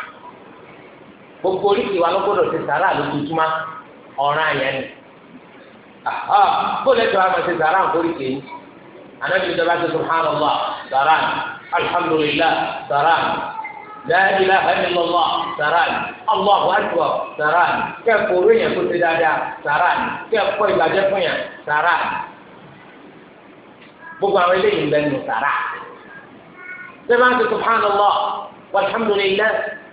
gbogbo oríṣi wa ló gbọdọ̀ ṣe sàrà lójoojúmọ́ ọ̀ràn yẹn ni bóòlù ẹ̀jọ̀ àwọn ṣe sàrà nǹkórì kéyìn anábì ìjọba ṣe subhanallah sàrà alhamdulillah sàrà la ilaha illallah sàrà allahu akbar sàrà kẹ́ẹ̀kọ́ orí yẹn kó ṣe dáadáa sàrà kẹ́ẹ̀kọ́ ìbàjẹ́ fún yẹn sàrà gbogbo àwọn eléyìí ń bẹ́ẹ̀ nù sàrà ṣé ń ṣe subhanallah walhamdulillah.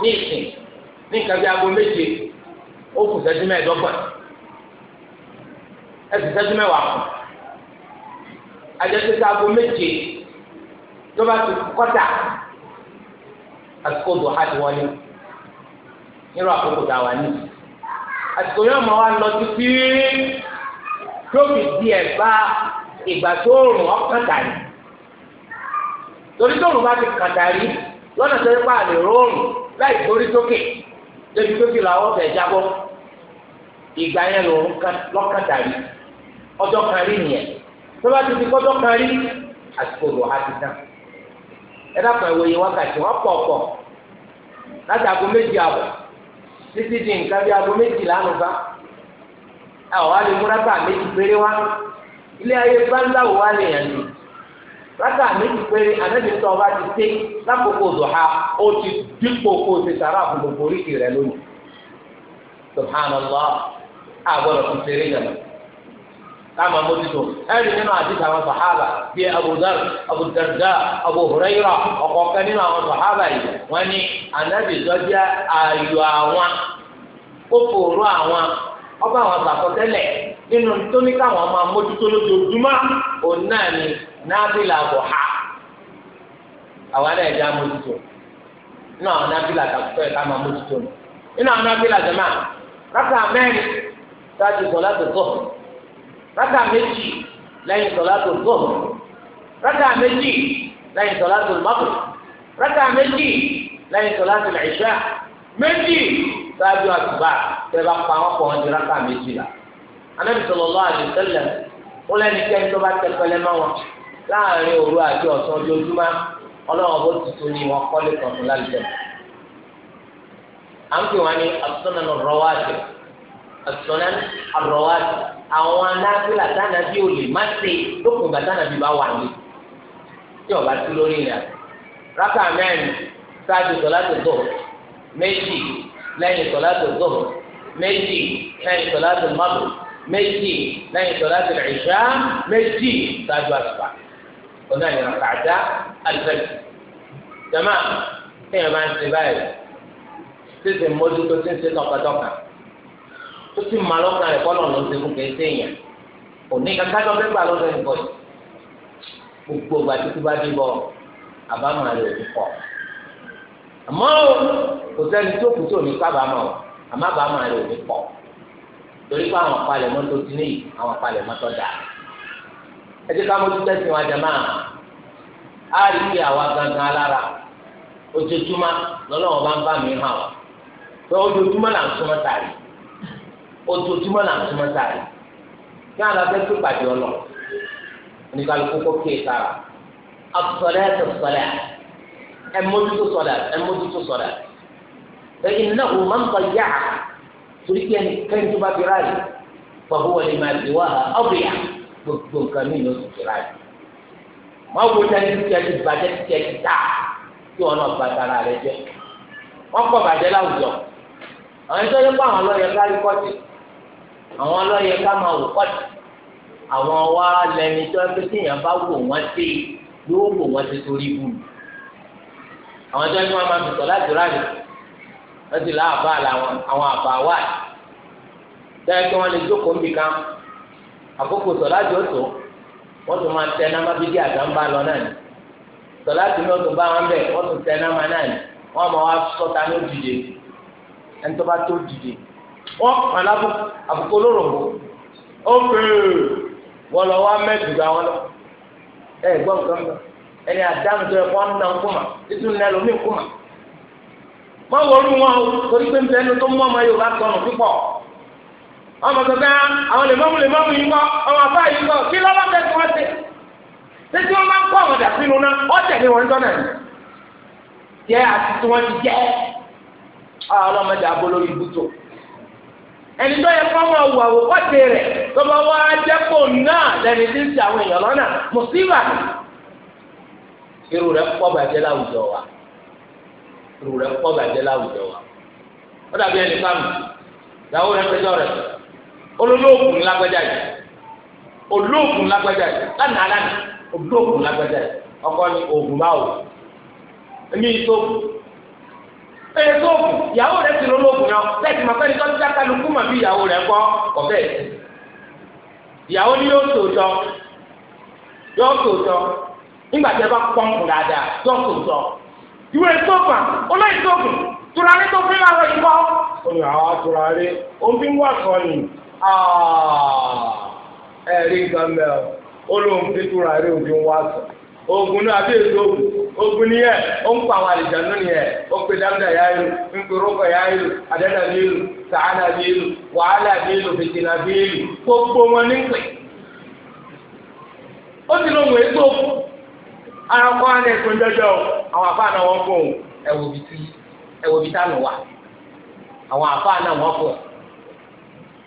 ní ìsìn ní nǹkan bí aago méje ó kù sẹ́jú mẹ́ẹ̀ẹ́dọ́gbọ̀n ẹ sì sẹ́jú mẹ́wàá kù àjẹsí aago méje tó ti kọ́tà àsìkò dùn áti wọlé nírú àkókò tá a wà ní àsìkò yóò mọ wa lọ títí tóbi díẹ̀ bá ìgbà tó láì gbórí sókè débi sókè làwọn ọ̀fẹ́ jábọ́ ìgbà yẹn lòun rí ọjọ́ kan rí nìyẹn tó bá ti di kọ́jọ́ kan rí àsìkò á ti tán ẹ dákun ìwòye wákàtí wọn pọ̀ pọ̀ láti aago méjì àbọ̀ títí di nǹkan bí aago méjì lánàá ẹ ọ̀ wá lè múra bá méjì péré wá ilé ayé bá ń wá rata méjì péré ànábì tó ọba ti dé lákòókò dùhà ó ti dípò kó o ti sàrà àbùkù lónìí subhanallah àgbọ̀dọ̀ fi kama mójútó ẹni nínú àdìsí àwọn sàhábà bíi abudar abudarda abuhurayra ọ̀kọ̀ọ̀kan nínú àwọn sàhábà yìí wọ́n ní anabi ayò àwọn àwọn ọba àwọn nínú tóníkà àwọn mójútó nábìlà bọ̀há àwọn náà ẹ̀dá mójútó nínú àwọn nábìlà kàkútọ́ ẹ̀ká máa mójútó nù nínú àwọn nábìlà jẹ̀má rákà mẹ́rin sáájú sọ̀lá tó tó rákà méjì lẹ́yìn sọ̀lá tó tó rákà méjì lẹ́yìn sọ̀lá tó mọ́tò rákà méjì lẹ́yìn sọ̀lá tó lẹ́ṣà méjì sáájú àtùbà tẹ́ bá pa wọ́n pọ̀ wọ́n di rákà méjì la tó bá tẹ́ pẹlẹ́ máa wọn láàrin òru àti ọ̀sán ojoojúmọ́ ọlọ́run bó tuntun ni wọ́n kọ́lé kọ̀ọ̀kan lálùjọ. à ń pè wọ́n ní asọ́nà rọwáàdì asọ́nà rọwáàdì àwọn anáfíà tánàbí ò lè má ṣe lókun ìgbà tánàbí bá wà ní tí ọba tú lórí rẹ̀. rákà mẹ́rin ṣáájú sọ̀láṣẹ̀ tó méjì lẹ́yìn sọ̀láṣẹ̀ tó méjì lẹ́yìn sọ̀láṣẹ̀ mọ́tò méjì lẹ́yìn sọ̀láṣẹ̀ ìṣá méjì ṣáájú àṣùpá ọ̀nà ìrìn àkàdá àlùfẹ́tì jama téèyàn bá ń ṣe báyìí tètè mójútó tí ń ṣe tọkàtọkà ó sì máa lọ́kàn rẹ̀ kọ́lọ̀ ló ń ṣe fún kìí séèyàn òní kakájọ bẹ́ẹ̀ gbà lọ́dọ̀ ẹ̀ bọ̀yì gbogbo ìgbà títí bá dé bọ̀ àbámọ̀ rẹ̀ ò pọ̀ àmọ́ kò sẹ́ni tó kù tó ní kábàámọ̀ àmọ́ àbámọ̀ rẹ̀ ò ní pọ̀ torí pé àwọn palẹ̀mọ́tò ti ní àwọn palẹ̀mọ́tò dáa ẹ jẹ́ ká mójú tẹ̀sìn wa jàmá a rí i àwa gangan alára ojoojúmọ́ lọ́lọ́wọ́ bá ń bá mi hàn wá pé ojoojúmọ́ là ń súnmọ́ tàrí ojoojúmọ́ là ń súnmọ́ tàrí kí wọn lọ́ọ́ fẹ́ pé pàdé ọlọ́ oníkàlùkù kó kéè sára àtúntọ̀lẹ́ àtúntọ̀lẹ́ ẹ sọ̀dà ẹ sọ̀dà lẹ́yìn náà wò máa ń bọ̀ yá torí kí ẹni kẹ́ni bá fi ráàyè pàbó wọlé máa ti wá ọ̀bìyà gbogbo nǹkan mi ló tètè ra yìí wọn wo sani títí ẹni bàjẹ́ títí ẹni tà kí wọn náà bàtà ara rẹ jẹ wọn kọ bàjẹ́ láwùjọ àwọn ẹjọ́ yẹn kó àwọn ọlọ́yẹ ká rí kọ́tì àwọn ọlọ́yẹ ká máa wò kọ́tì àwọn wa lẹni tó ẹgbẹ́ tíyàn bá wò wọ́n sí yóò wò wọ́n sí torí ibù àwọn ẹjọ́ yẹn kó máa fi sọ láti ráàlì láti láàbà làwọn àwọn àbáwá tẹ́ẹ̀kí wọn lè jókòó nbìkan àkókò sọláàtì ó tó wọ́n tún máa tẹ náà bí díà tó ń bá lọ náà ni sọláàtì náà tó bá wọn bẹ̀ wọ́n tún tẹ náà náà ni wọ́n máa wá sọ́ta ní òdìdè ẹni tó bá tó dìde wọ́n kàn lábò àkókò lórògbò ó fèrè wọ́n lọ wá mẹ́tùgà wọn lọ ẹ gbọ́ nǹkan mọ́ ẹni àdáhùn tó yẹ kó ń kúmà títún nà lómi kúmà wọ́n wọ́n rú wọn torí pé ń bẹ́ẹ̀ ni tó mú ọmọ Yorùbá tọ̀nù púpọ̀. ọmọ gbẹgbẹ àwọn lèmọ́mù lèmọ́mù yìí ọmọ afá yìí kọ́ kí lọ́wọ́ fẹ́ kí wọ́n ti ṣé tí wọ́n máa ń kọ́ àwọn dà sínú náà ó jẹ́ àti tí wọ́n ti jẹ́ ọlọ́mọdé abolórí ibùtò ẹni tó yẹ wọn wù rẹ̀ tó bá náà lẹ́ni tí ń àwọn èèyàn wa irú rẹ̀ pọ̀ bàjẹ́ láwùjọ wa ó dàbí olólóògùn lágbájá yìí olóògùn lágbájá yìí lánàá lánàá olóògùn lágbájá yìí ọkọ ni oògùn báwò ẹni tó ẹyẹ tó ìyàwó rẹ ti lólóògùn yọ bẹ́ẹ̀ tí màkàní tó ti dáka màbí ìyàwó rẹ kọ ìyàwó ni yóò yóò nígbà tí a bá dáadáa yóò ìwé olóyè turare tó fi lọ turare ó fi ń wá sọ Ah, ẹ̀rí nǹkan mẹ́ ọ olóhùn títúra rí òbí ń wá sọ ogun náà bí èso ogun ogun ni yẹ ó ń pa àwọn àlejò náà ni yẹ pe dáńdá yá ìlú ń pe rọ́kọ̀ yá ìlú àdánà bí ìlú sàánà bí ìlú wàhálà bí ìlú fìtìnà bí ìlú gbogbo wọn ní pè ó ti lóhùn àná jẹjọ àwọn náà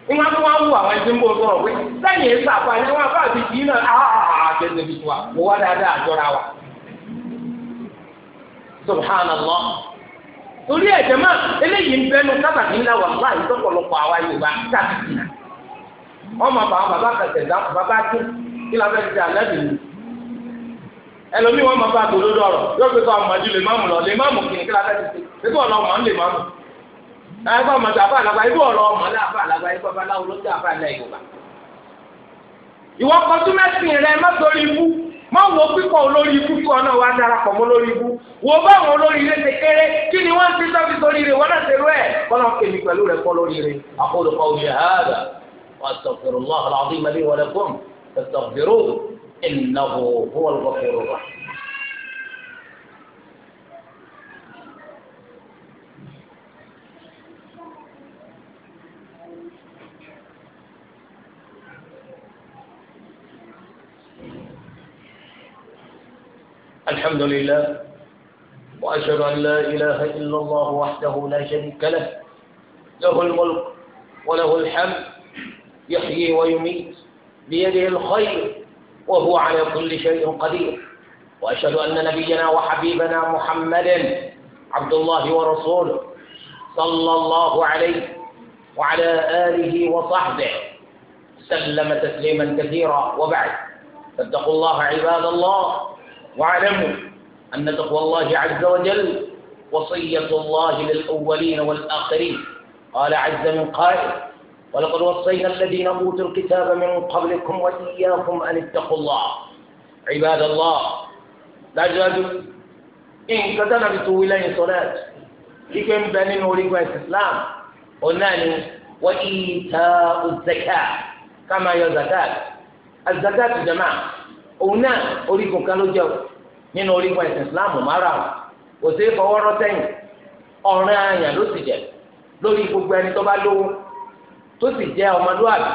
ìwọ́n tó wá wù àwọn ẹgbẹ́ ń bọ̀ sọ̀rọ̀ pé lẹ́yìn èso àpáyé wọn bá ti dì í náà áá àtẹ̀sẹ̀ wa mo wá dáadáa àjọra wa. subhanallah torí máa eléyìí ń bẹnu sábàbí ńlá wà àwa yorùbá bàbá dá bàbá tó kí la ti àgbòdo yóò fi ọmọdé lè má mú lọ lè má mú ẹgbẹ́ ọmọ tó àbá àlágbá ibú ọ̀rọ̀ ọmọ náà àbá àlágbá ibú babaláwo ló dé àbá àlá Yorùbá. ìwọ kọtúmẹ́sìn rẹ má torí ibú má wo pípọ̀ olórí ibú kí ọ̀nà wa darapọ̀ mọ́ lórí ibú wo báwọn olórí ilé ṣe kéré kí ni wọ́n ti sọ́fi sórí rẹ̀ wọ́n náà ṣe rú ẹ̀ kọ́nà kèmí pẹ̀lú rẹ̀ kọ́ lórí rẹ̀ aqulu qawli hadha wa astaghfirullaha al-azima li wa lakum fastaghfiruhu innahu huwal ghafurur الحمد لله وأشهد أن لا إله إلا الله وحده لا شريك له له الملك وله الحمد يحيي ويميت بيده الخير وهو على كل شيء قدير وأشهد أن نبينا وحبيبنا محمدا عبد الله ورسوله صلى الله عليه وعلى آله وصحبه سلم تسليما كثيرا وبعد فاتقوا الله عباد الله واعلموا أن تقوى الله عز وجل وصية الله للأولين والآخرين قال عز من قائل ولقد وصينا الذين أوتوا الكتاب من قبلكم وإياكم أن اتقوا الله عباد الله لا dájúdájú إن كتنا nàbí صلاة لكن بنين sọ́lẹ́t الإسلام ونالي وإيتاء الزكاة كما يزكاة الزكاة جماعة òun náà orígun kan ló jẹ́ o nínú orígun ẹ̀sìn islam mara o kò sí fọwọ́rọ́ sẹ́yìn ọ̀ràn àyàn ló sì jẹ́ lórí gbogbo ẹni tó bá lówó tó sì jẹ́ ọmọlúwàbí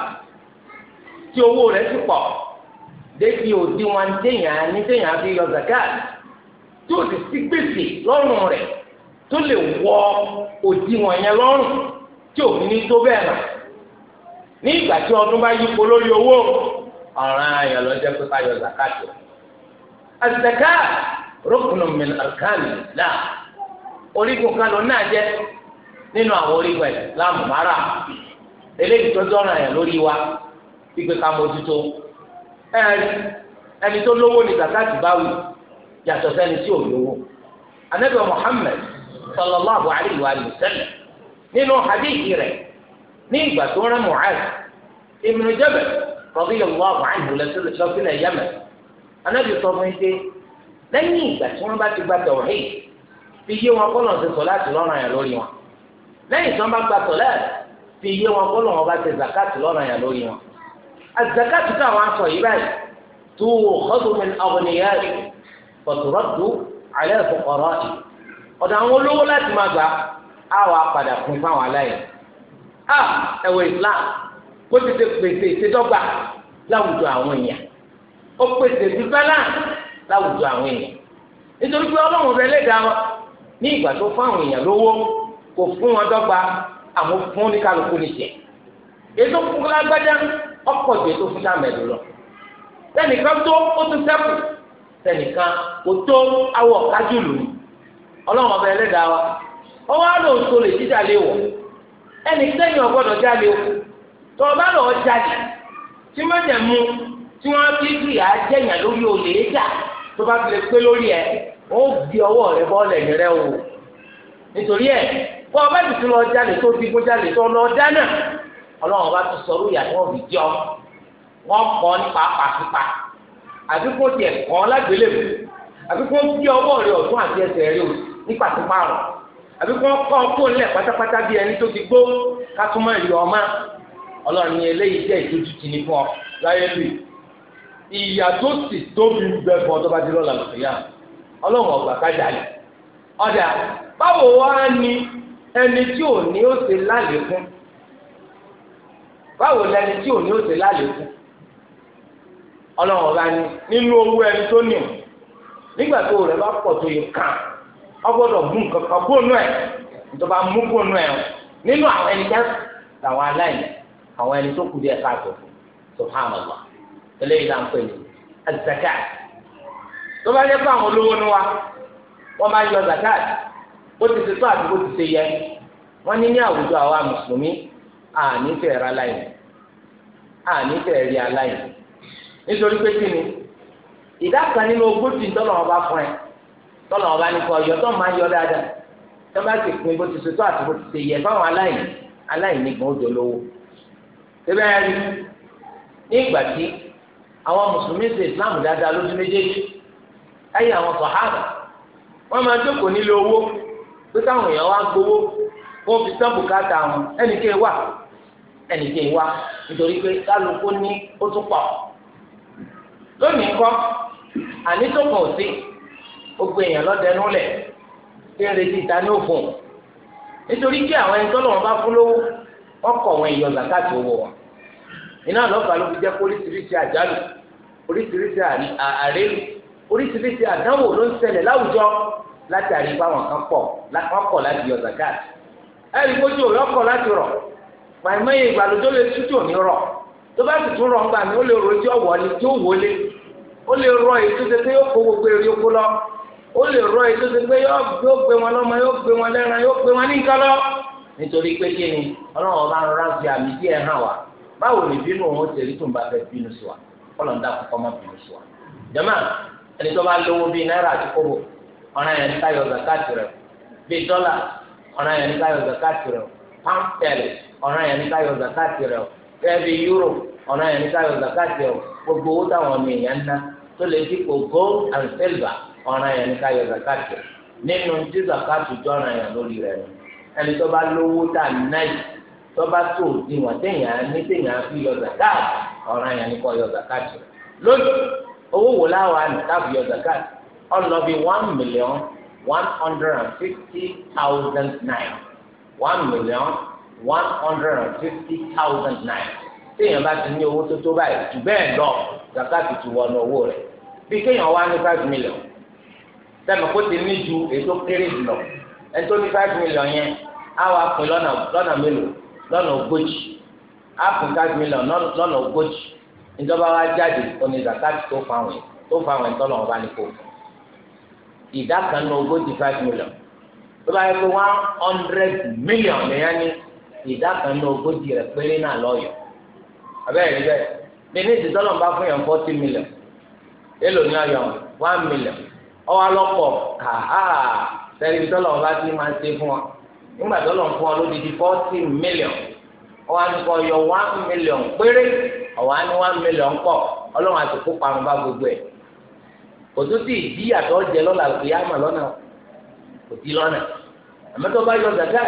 tí owó rẹ̀ sì pọ̀ débi òdiwọ̀n téèyàn ní téèyàn fi yọ zakat tí o sì sí gbèsè lọ́rùn rẹ̀ tó lè wọ òdiwọ̀n yẹn lọ́rùn tí òfin ní tó bẹ́ẹ̀ rà ní ìgbà tí ọdún bá yípo lórí owó ọ̀ràn ayọ̀ lọ́jọ́ pé ká yọ zakati rẹ̀. àtẹ̀ká min arkani islam orígun kan ló náà islam mara eléyìí tó dọ́ràn ayọ̀ lórí wa ká mójútó ẹni tó lówó ni zakati bá wù yàtọ̀ sẹ́ni tí ò lówó anabi muhammed sallallahu alayhi wa sallam nínú hadithi rẹ̀ ní ìgbà tó rán radiyallahu anhu lọ sílẹ̀ Yemen anábì sọ fún ike lẹ́yìn ìgbà tí wọ́n bá ti gba tọ̀hìn fi yé wọn kọ́ lọ́n ṣe sọ láti lọ́ràn yẹn lórí wọn lẹ́yìn tí wọ́n bá gba tọ̀lẹ́ fi yé wọn kọ́ lọ́n ọba ṣe zakati lọ́ràn yẹn lórí wọn azakati káwọn aṣọ yìí báyìí tó wò xọ́tùmí ọ̀gbìnìyàrí fọ̀tùrọ̀tù alẹ́ fọ̀kọ̀rọ̀ yìí ọ̀dọ̀ kó tètè pèsè ìṣèdọ́gba láwùjọ àwọn èèyàn ó pèsè bíbálà láwùjọ àwọn èèyàn nítorí pé ọlọ́run rẹ lè dá wọn ní ìgbà tó fún àwọn èèyàn lówó kò fún wọn dọ́gba àwọn fún ní kálukú ní jẹ ètò fún lágbájá ọkọ̀ ju ètò fún sàmẹ̀lú lọ sẹ́nìkan tó ó tún sẹ́kù sẹ́nìkan kò tó awọ kájú lù ú ọlọ́run ọba ẹlẹ́dàá wa ọwọ́ àlọ́ òṣòlè jíjà lé wọ̀ ẹnì sẹ́yìn ọgbọ́dọ̀ já lé wọ̀ tó o bá lọ jáde tí mọ̀jẹ̀mú tí wọ́n fi fìyà jẹ̀yàn lórí olè é dà tó bá fi lè pé lórí ẹ̀ ó di ọwọ́ rẹ bọ́ lẹ́yìn rẹ o nítorí ẹ̀ kó o bá ti tún lọ jáde tó ti gbó jáde tó lọ dáná ọlọ́run bá tún sọ̀rọ̀ ìyá tí wọ́n fi jọ wọ́n kọ́ nípa pàṣípà àbí kó tiẹ̀ kọ́ lágbélébù àbí kó di ọwọ́ rẹ ọ̀tún àti ẹsẹ̀ rẹ o nípa tó pààrọ̀ àbí kó kọ́ kó lẹ̀ pátápátá bí ẹni tó ti gbó ká tún mọ̀ ìyọ̀ ọmọ ọlọ́run ní eléyìí jẹ́ ìtújú ti ní fún ọ láyé bì ìyà tó sì tóbi bẹ fún di lọ́la lọ́sẹ̀ yá ọlọ́run ọgbà kájà lẹ̀ báwo wá ni ẹni tí ò ní ó ṣe lálẹ́ fún báwo lẹni tí ò ní ó ṣe lálẹ́ fún ọlọ́run nínú owó ẹni tó ní o nígbà tó bá pọ̀ tó yẹ kàn mú nǹkan kan kó nù àwọn ẹni tó kù díẹ̀ káàtó subhanallah eléyìí là ń pè ní azakat tó bá yẹ kó àwọn olówó ni wa wọ́n máa yọ zakat bó ti ṣe tó àti bó ti ṣe yẹ wọ́n ní ní àwùjọ àwa mùsùlùmí àní fẹ́ ra láyìn àní fẹ́ rí aláyìn nítorí pé kí ni ìdá kan nínú ogójì tọ́lọ̀ wọn fún ẹ tọ́lọ̀ wọn ní kọ yọ máa yọ dáadáa tó bá sì bó ti ṣe tó àti bó ti ṣe yẹ fáwọn aláyìn aláìní kan ó jọ síbẹ̀ rí ní ìgbà tí àwọn mùsùlùmí ṣe islam dáadáa lójú méjèèjì láyé àwọn sọ̀hánà wọ́n máa jókòó nílé owó pé káwọn èèyàn wá gbowó kó fi sán bùkátà wọn ẹnìkéè wà ẹnìkéè wà nítorí pé kálukú ní ó tún pọ̀ lónìí kọ́ ànítòkàn ò sí gbogbo èèyàn lọ́dẹnu lẹ̀ kí n retí ta òfun nítorí kí àwọn ẹni tọ́lọ̀ bá fún lówó wọ́n kọ̀ wọn ìyọ zakati owó wọn iná lọ́fà ló fi jẹ́ pé oríṣiríṣi àjálù oríṣiríṣi àrélu oríṣiríṣi àdánwò ló ń ṣẹlẹ̀ láwùjọ látàrí báwọn kan pọ̀ wọ́n kọ̀ láti yọ zakat ẹ̀rí kójú òwe ọkọ̀ láti rọ̀ pàìmọ́yé ìgbàlódé lè tútù òní rọ̀ tó bá sì tún rọ̀ ńgbà mi ó lè ro tí ó ni tí ó wọlé ó lè rọ èyí yóò kó gbogbo èrè oko lọ ó lè rọ èyí tó yóò gbé wọn lọ́mọ yóò gbé wọn lẹ́ran yóò gbé wọn ní lọ nítorí pé báwo ni bínú òun ṣe rí tó ń bá fẹ́ bínú sí wa kọ́lọ̀ ń dákun kọ́ mọ́ bínú sí wa. jama ẹni tó bá lówó bíi náírà àti kóbò ọ̀ràn yẹn ní káyọ̀ zakati rẹ̀ bíi dọ́là ọ̀ràn yẹn ní káyọ̀ zakati rẹ̀ pàmpẹ́lì ọ̀ràn yẹn ní káyọ̀ zakati rẹ̀ fẹ́ẹ́ bíi yúrò ọ̀ràn yẹn ní káyọ̀ zakati rẹ̀ gbogbo owó táwọn ọmọ èèyàn ń ná tó lè dípò gold and silver ọ̀ràn yẹn ní zakati rẹ̀ nínú tí zakati jọ̀ràn yẹn lórí rẹ̀ ẹni tó bá lówó dà tọ́ba tó di wọn téèyàn á ní téèyàn yọ zakat ọ̀ràn yẹn ni kò yọ zakat jù lónìí owó wò láwa ní káàbù yọ zakat ọ̀nà bíi one million one hundred and fifty thousand nine. one million one hundred and fifty thousand nine. téèyàn bá ti ní owó tó tó báyìí jù bẹ́ẹ̀ lọ zakat ti wọnú owó rẹ̀ bí kéèyàn wá ní five million sẹ́mi kó ti ní ju ètò kéré jùlọ ẹ̀tọ́ ní five million yẹn á wà pín lọ́nà mélòó lọ́nà ogójì áàpù káàdì mílíọ̀n lọ́nà ogójì ìjọba wa jáde oní zakati tó fa àwọn tó fa àwọn ìtọ́nà ọba ní kò ìdá kan ní ogójì five million tó bá yẹ pé one hundred million nìyẹn ní ìdá kan ní ogójì rẹ̀ péré náà lọ́yọ̀ abẹ́rẹ́ rí bẹ́ẹ̀ ní ní fún yàn forty million èlò ní ọyọ one million ọwọ́ alọ́pọ̀ kàá sẹ́ni ìtọ́nà ọba ti máa ń ṣe fún wọn nígbà tó lọ́n fún ọ lódìdí forty million ọwọ́ àtúkọ yọ one million péré ọwọ́ àní one million pọ̀ ọlọ́run àtúkọ parun bá gbogbo ẹ̀ kò tó ti ìdíyàtọ̀ jẹ lọ́la òkè àmà lọ́nà kò tí lọ́nà àmọ́tọ́ bá yọ gàgà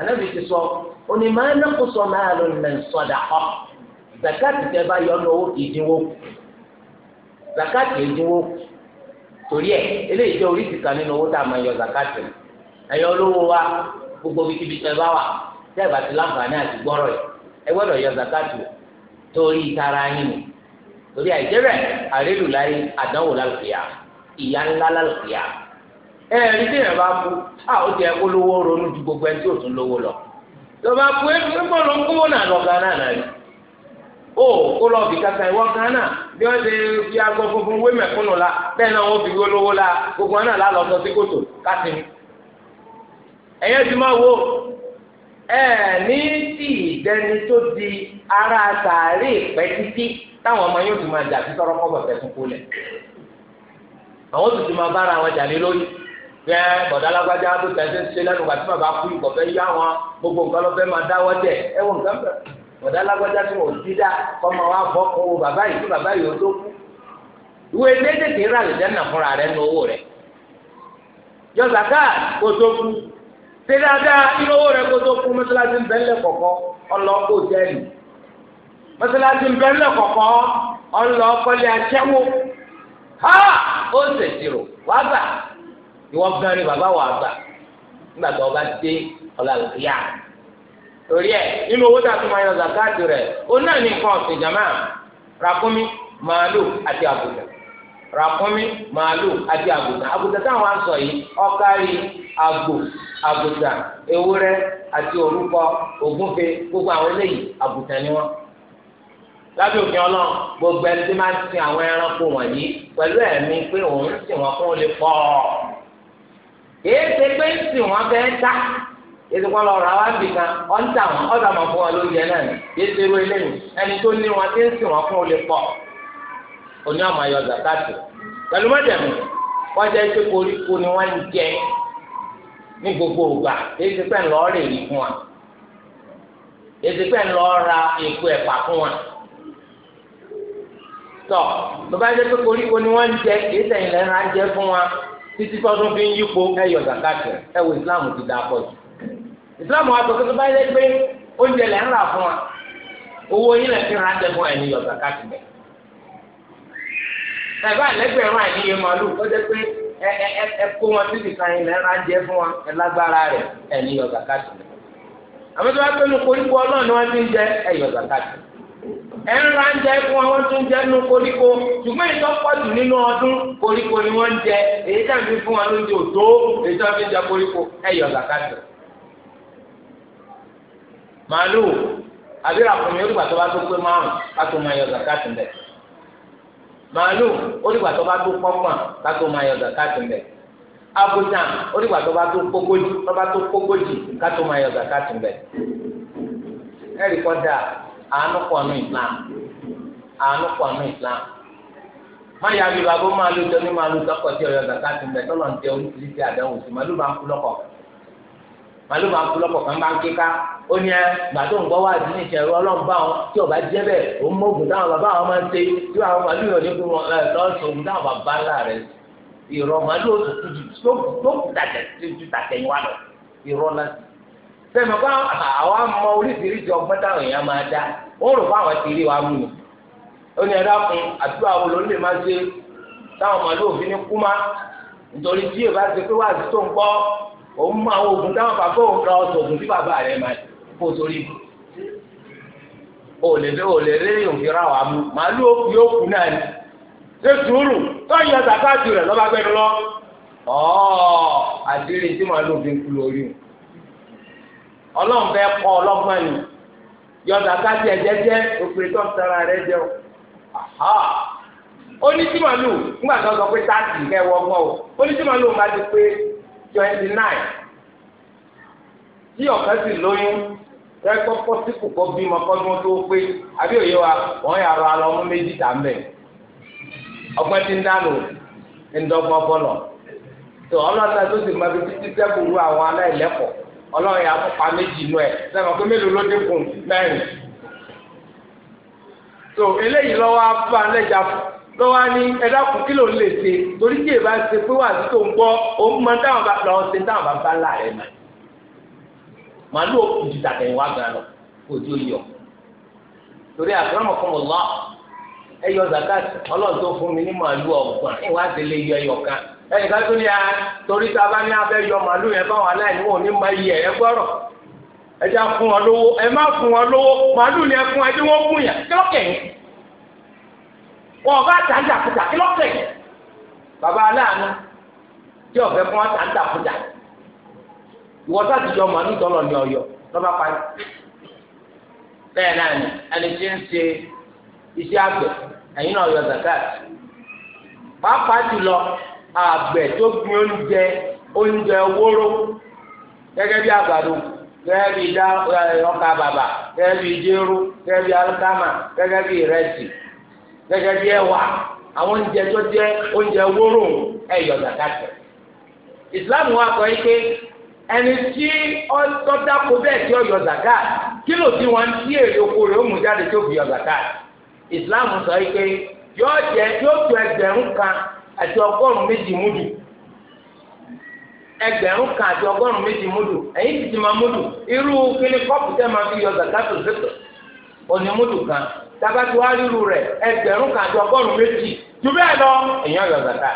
ànábì ti sọ òní máa ná kó sọ máa lọ nà sọdà ọ zakati tẹ bá yọ lọ́wọ́ kì í dínwó zakati kì í dínwó torí ẹ eléyìí jẹ oríṣi kan nínú owó tá a máa yọ zakati ẹyọ olówó wa gbogbo bí kíbi tẹ́ bá wà tẹ́ bá ti láǹfààní àti gbọ́rọ̀ yìí ẹ gbọ́dọ̀ yọ zakatu torí tara yín ni torí àìjẹ́rẹ̀ àrélù láyé àdánwò lálùkìyà ìyá ńlá lálùkìyà ẹ ẹni tí yẹn bá kú à ó jẹ olówó ronú ju gbogbo ẹni tí ò tún lówó lọ tó bá kú ẹ gbọ́dọ̀ ló ń kówó náà lọ gánà náà ni ó kó lọ bí kankan ìwọ gánà bí wọn ṣe fi agbọ funfun wé mẹ̀kúnnù la bẹ́ẹ̀ náà wọn fi olówó la gbogbo wọn náà lálọ sọ sí kòtò kásìmí ẹ̀yẹ́ ti máa wo ẹ̀ ní tí ìdẹni tó di ara sàárè pẹ́ títí táwọn ọmọ yóò fi máa jà sí tọrọ kọ́bọ̀ fẹ́ tuntun lẹ̀ àwọn tó ti máa bára wọn jà lé lórí fẹ́ bọ̀dálágbájá tó tẹ̀sí ṣe lẹ́nu gbàtí bàbá kú ìkọ̀ fẹ́ yá wọn gbogbo nǹkan ló fẹ́ máa dáwọ́ jẹ ẹ wọ nǹkan fẹ́ bọ̀dálágbájá tó wọ́n ti dá kọ́ máa wá bọ́ kó wo bàbá yìí tó bàbá yìí ó tó kú ìwé méjèèjì rà lè fúnra rẹ̀ ní owó rẹ̀ yọ ṣe dáadáa inú owó rẹ kó kú mọ́sálásí ń bẹ́ńlẹ̀ kọ̀kọ́ ọlọ́ kó ń kọ̀kọ́ ọlọ́ kọ́lé ha ó ṣe ṣirò wá gbà ìwọ gbẹ́rin bàbá wà gbà nígbà tó ọba dé ọ̀la lùkìyà torí ẹ inú owó máa yan zakati rẹ ó náà ní nǹkan ọ̀sìn màálù àti àbùdá màálù agbo àgùtàn ewúrẹ àti orúkọ ògúnfe gbogbo àwọn eléyìí àgùtàn ni wọn lábẹ́ òfin ọlọ́run gbogbo ẹni tí máa ń sin àwọn ẹranko wọ̀nyí pẹ̀lú ẹ̀mí pé òun ń sìn wọn fún olè pọ̀ pé ń sìn wọn fẹ́ ta kan ọ̀n ni eléyìí ẹni tó ní wọn ń sìn wọn fún olè pọ̀ oní ayọ̀ zakati pẹ̀lú wọ́n jẹ́ ní gbogbo ògbà èsì pẹ́ ńlọ rè rí fún wa èsì pẹ́ ńlọ ra èkó ẹ̀pà fún wa tọ bàbá yẹn pé koríko ni wọ́n ń jẹ èsì ẹ̀yìn lẹ́nu á jẹ fún wa títí tọ́dún fi ń yípo ẹ̀yọ̀ zakati ẹ̀ wo Islam ti dà pọ̀ jù Islam wa sọ pé bàbá yẹn pé oúnjẹ lẹ́ ń rà fún wa owó yín lẹ́ fi ra jẹ fún ẹ̀yìn yọ̀ zakati bẹ̀. ẹ̀fọ́ àlẹ́gbẹ̀rún àìníye màlúù kọ́jẹ́ pé ẹ ẹ ẹ wọn síbi kan yìí lẹ́ran jẹ́ fún wọn ẹ lágbára rẹ̀ ẹ ní yọ zakati lẹ̀ àmọ́ tí pẹ́ nu koríko ni wọ́n ti ń fún wọn wọ́n tún ń jẹ nu koríko ṣùgbọ́n nínú ọdún koríko ni wọ́n ń jẹ èyí fún wọn lóúnjẹ òtó èyí jẹ koríko màálù ó dìgbà tó bá tó pọ́pọ́n ká tó máa yọ zakati mbẹ àgùntàn ó dìgbà tó bá tó kógójì tó bá tó kógójì ká máa yọ zakati mbẹ ẹ̀rí kọ́dà àánú pọ̀nù islam àánú pọ̀nù islam máa yà bí babó màálù tó ní màálù tó kọjá yọ zakati mbẹ tó lọ́n tẹ oríṣiríṣi sí màálù bá ń kú lọ́kọ̀ọ́ màálù máa ń kú kan bá ń kíká ó ní ẹ gbà tó ń gbọ́ wá dín ní ìṣẹ̀rù wọn tí ọba jẹ́ bẹ́ẹ̀ òun mọ ògùn táwọn bàbá wọn máa ń ṣe tí àwọn màálù yóò ní wọn ẹ táwọn bàbá ńlá rẹ̀ ìrọ̀ màálù ó tún ju tó kù tàjẹ̀ ju tàtẹ̀yìn wa lọ ìrọ̀ náà sẹ́mi kó àwa mọ oríṣiríṣi ọgbọ́n táwọn èèyàn máa dá ó rò òun mú àwọn oògùn táwọn bàbá òun ra ọsọ oògùn tí bàbá rẹ máa kó sórí ibù ò lè lé ò ra wàá mú màálù náà lọ. tí màálù kú lórí o ọlọ́run fẹ́ kọ́ ọlọ́gbọ́n ni ẹ̀jẹ̀ jẹ́ tó ń o ó ní tí màálù ńgbà tó sọ pé táàtì kẹ́ o ó ní tí màálù ti twenty nine tí ọ̀kan sì lóyún ẹ̀kọ́ pọ́sípù kọ́ bímọ kọ́dún tó pé àbí òye wa wọ́n yà rọ alọ́ ọmọ méjì tà mbẹ́ ọgbọ́n ti ń dànù ńdọ́gbọ́n bọ́lọ̀ tó ọlọ́ta tó sì máa fi títí sẹ́kù ru àwọn ọlọ́run yà pa méjì ẹ̀ sẹ́wọ̀n pé mélòó ló dínkù mẹ́rin tó eléyìí lọ́wọ́ á fún fún. lọ́wọ́ ní ẹ̀dá kù kí ló ń lè ṣe torí tí èèbá ṣe pé wà sí tó ń gbọ́ òun mọ táwọn bá lọ ṣe táwọn bá bá ńlá rẹ̀ mọ̀ màálù òkú ti tàtẹ̀yìnwá gan lọ kò tí ó yọ torí àkàràmọ̀ kọ́ mọ̀ lọ́ ẹ yọ zakat ọlọ́run tó fún mi ní màálù ọ̀gbọ̀n ìwádìí lè yọ ẹyọ kan ẹnì kan tó ní a torí tá a bá ní abẹ́ yọ màálù yẹn báwọn aláìní wọn ò ní máa yẹ ẹ gbọ́rọ̀ ẹ já fún wọn lówó ẹ má fún wọn lówó màálù ni ẹ fún ẹ tí wọ́n fún yàn kí lọ́kẹ̀ wọn bá ta kí ló pè é bàbá aláàánú tí ọ̀fẹ́ fún wọn ta ìwọ sáà ti jọ mọ ní ìtọ́lọ̀ ní ọ̀yọ́ lọ́ba parí bẹ́ẹ̀ náà ni ẹni tí ń ṣe iṣẹ́ àgbẹ̀ ẹ̀yin náà yọ zakat pàápàá jùlọ àgbẹ̀ tó gẹ́gẹ́ bí ẹwà àwọn oúnjẹ tó jẹ́ oúnjẹ wóró ẹ̀yọ̀ zakatẹ̀. ìsìláàmù wa sọ pé ẹni tí ọtọ́ dáko bẹ́ẹ̀ tí kí ló ti wọn tí èrè oko rẹ ó mú jáde tó fi yọ zakat. ìsìláàmù sọ pé yóò jẹ yóò tó fi yọ tabati wa ríru rẹ̀ ẹgbẹ̀rún kan àti ọgọ́rùn méjì ju bẹ́ẹ̀ lọ èèyàn yọ zaka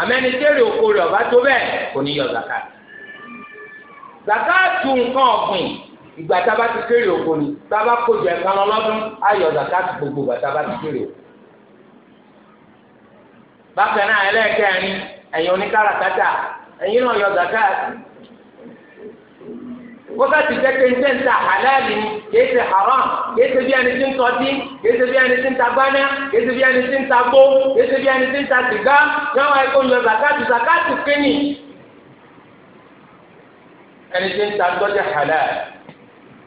àmẹni tẹrẹ oko rẹ̀ ọba tó bẹ́ẹ̀ kò ní yọ zaka zaka tu nǹkan ọ̀gbìn ìgbà taba ti kéré oko ni taba kojú ẹ̀ka lọ lọ́dún ayọ̀ zaka gbogbo ìgbà taba ti kéré oko. bákan náà ẹlẹ́ẹ̀kẹ́rin ẹ̀yin oníkàràkátà ẹ̀yin náà yọ zaka wọ́n bá ti jẹ́ pé ń tẹ́ǹtà halali kìí ṣe haram kìí ṣe bí ẹni tí ń tọ́jú kìí ṣe bí ẹni tí ń ta gbáná kìí ṣe bí ẹni tí ń ta gbó kìí ṣe bí ẹni tí ń ta sìgá yọ wá ikú yọ zakatu zakatu kínní. ẹni tí ń ta tọ́jú halali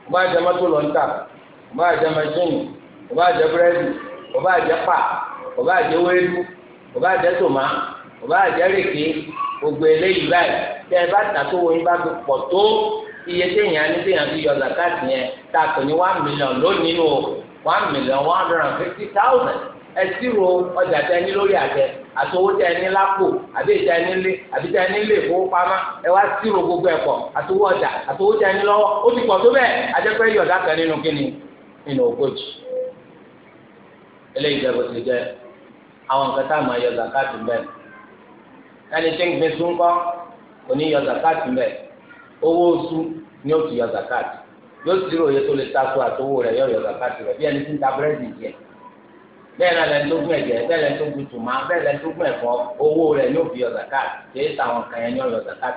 ọba àjẹ mọ́tò lọ ń tà ọba àjẹ mẹsìnì ọba àjẹ búrẹ́dì ọba àjẹ pa ọba àjẹ wéédú ọba àjẹ tòmá ọba àjẹ rèké gbogbo iye téèyàn ní téèyàn fi yọ zakat yẹn tá a pè ní one million lónìí o one million one hundred and fifty thousand ẹsìrò ọjà tẹ ní lórí àtẹ tẹ ní lápò àbí tẹ ní lé àbí tẹ ní lé ẹ wá gbogbo ẹ pọ̀ àtòwò ọjà àtòwò tẹ ní lọ́wọ́ ó ti pọ̀ tó bẹ́ẹ̀ ajẹpẹ yọdá kan nínú ile nínú ogójì eléyìí jẹbù ti jẹ àwọn nǹkan tá a máa yọ ẹni tí ń gbin owó oṣù ni ó ti yọ zakat yóò ti rò yẹ tó lè taṣọ àtowó rẹ̀ yọ yọ zakat rẹ̀ bí ẹni tí ń ta búrẹ́dì jẹ bẹ́ẹ̀ náà lẹ́nu tó gún ẹ̀jẹ̀ bẹ́ẹ̀ lẹ́nu tó gún tùmá bẹ́ẹ̀ lẹ́nu tó gún ẹ̀fọ́ owó rẹ̀ ni ó fi yọ zakat kìí sàwọn kan yẹn ni ó yọ zakat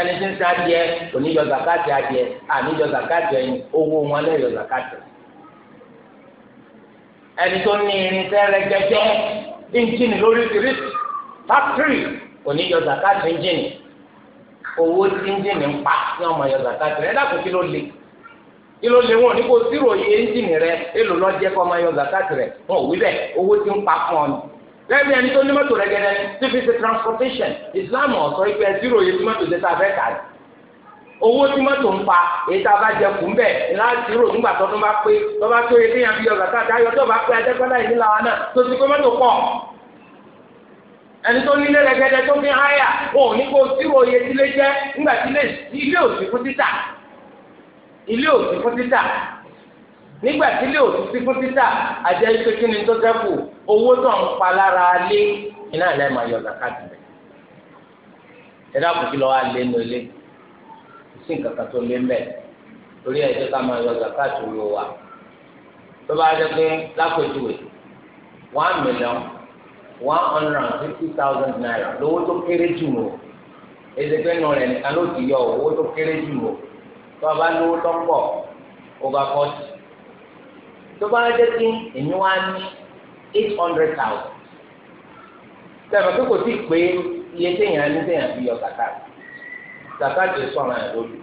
ẹni tí ń ta adìẹ kò ní yọ zakat adìẹ àní yọ zakat ẹyin owó wọn lẹ́ yọ zakat ẹni tó ní irinṣẹ́ rẹ gẹ́gẹ́ ẹ́ńjìnì lórí fírìsì fákírì kò ní yọ zakat ẹ́ńjìnì owó tí ẹ́ńjìnì ń pa ní ọmọ yọ zaka rẹ ẹ̀dá kí ló le kí ló le wọn ní kó zero rẹ èlò lọ́jẹ́ ọmọ wọn owó tí ń pa fún ni. ẹni tó ní mọ́tò rẹ gẹ́gẹ́ transportation Islam ọ̀sọ́ ta owó tí mọ́tò ń pa èyí tá a bá jẹ kùn bẹ́ẹ̀ láti rò nígbà tó tó fi tó bá pé yìí ẹni tó nílé rẹ̀gẹ́dẹ́ tó fi háyà òun ní kó tíro iye tí lé jẹ́ nígbà tí ilé òsì fún títà ilé òsì fún títà nígbà tí ilé òsì sí fún títà àjẹ́ ife kí ni tó sẹ́kù owó tó ń pa lára lé iná ilẹ̀ máa yọ zakati rẹ̀ ẹ dákun kí lọ́ wá lé nu ilé sí nǹkan kan tó lé mẹ́ẹ̀ torí ẹ̀ jẹ́ ká máa yọ zakati rẹ̀ wá tó bá jẹ́ pé lápèjúwe one million. one hundred and fifty thousand naira lówó tó kéré jù lọ ezeke nù rẹ nìkan ló ti yọ owó tó kéré jù lọ tó a bá lówó tó tó bá dé sí wá ní eight hundred thousand tẹ̀mọ̀ pé kò sí pé iye téèyàn ní téèyàn fi yọ kàkà kàkà tó sọ̀rọ̀ ẹ̀ lójú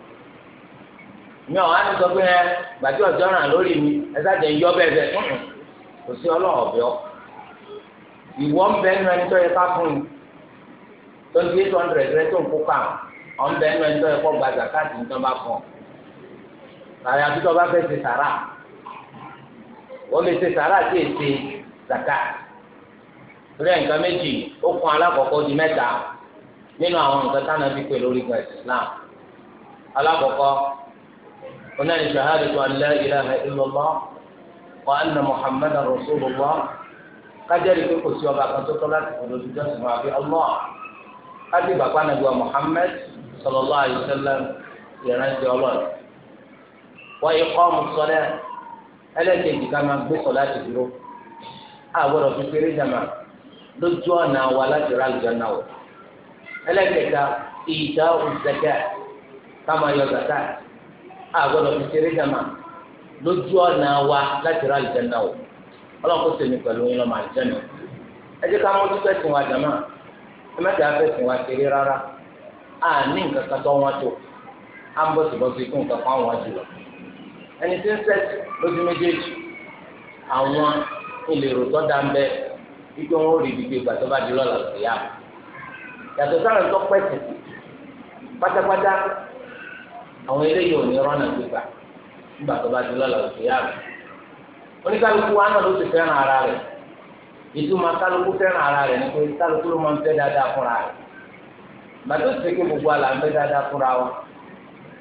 mi ọ̀ á sọ pé gbàtí ràn lórí mi sáà jẹ́ ìwọ ń bẹ nínú ẹni tó yẹ ká fún yìí tó ń di eight hundred rẹ tó ń kó kà ọ̀ ń bẹ nínú ẹni tó yẹ kó gba zakati ní tó bá fún ọ. àyà tó tó bá fẹ́ ṣe sàrà wọ́n lè ṣe sàrà sí èsè zakati. torí ẹ̀ nǹkan méjì ó kún alákọ̀ọ́kọ́ di mẹ́ta nínú àwọn nǹkan táwọn fi pè lórí gan Islam alákọ̀ọ́kọ́ onáni shahadatu an la ilaha illallah wa anna muhammadan rasulullah. kájẹ́rì pé kò sí ọba kan tó tọ́ láti fọdọ̀ ka jọ́sìn fún àbí Allah kájí bàbá nàbí wa Muhammad sallallahu ìrántí ọlọ́run wọ́n yìí kọ́ ọmọ sọ́lẹ́ ẹlẹ́kẹ̀jì ká máa gbé sọ́lá ti dúró àgbọ̀dọ̀ fi péré jàmà lójú ọ̀nà wa láti ẹlẹ́kẹ̀ta òṣèkẹ́ ká máa yọ fi péré jàmà lójú ọ̀nà wa láti ọlọ́run kò pẹ̀lú yín lọ́mọ àlùjẹ́nu ẹ jẹ́ ká mójú fẹ̀sìn wa jàmá ẹ má jẹ́ wa kéré rárá a ní nǹkan kan tó wọn tó à ń bọ̀sibọ̀si fún nǹkan jùlọ ẹni tí ń sẹ́sì lójú méjèèjì àwọn tó dá ń wọn ò rí ibi tó bá di lọ́la yá yàtọ̀ pátápátá àwọn eléyìí ò ní oníkálukú wa náà ló ti fẹ́ràn ara rẹ̀ ìtumọ̀ kálukú fẹ́ràn ara rẹ̀ ni pé kálukú ló máa ń fẹ́ dáadáa fúnra rẹ̀ bàtó ti ké gbogbo àlà ń fẹ́ dáadáa fúnra wa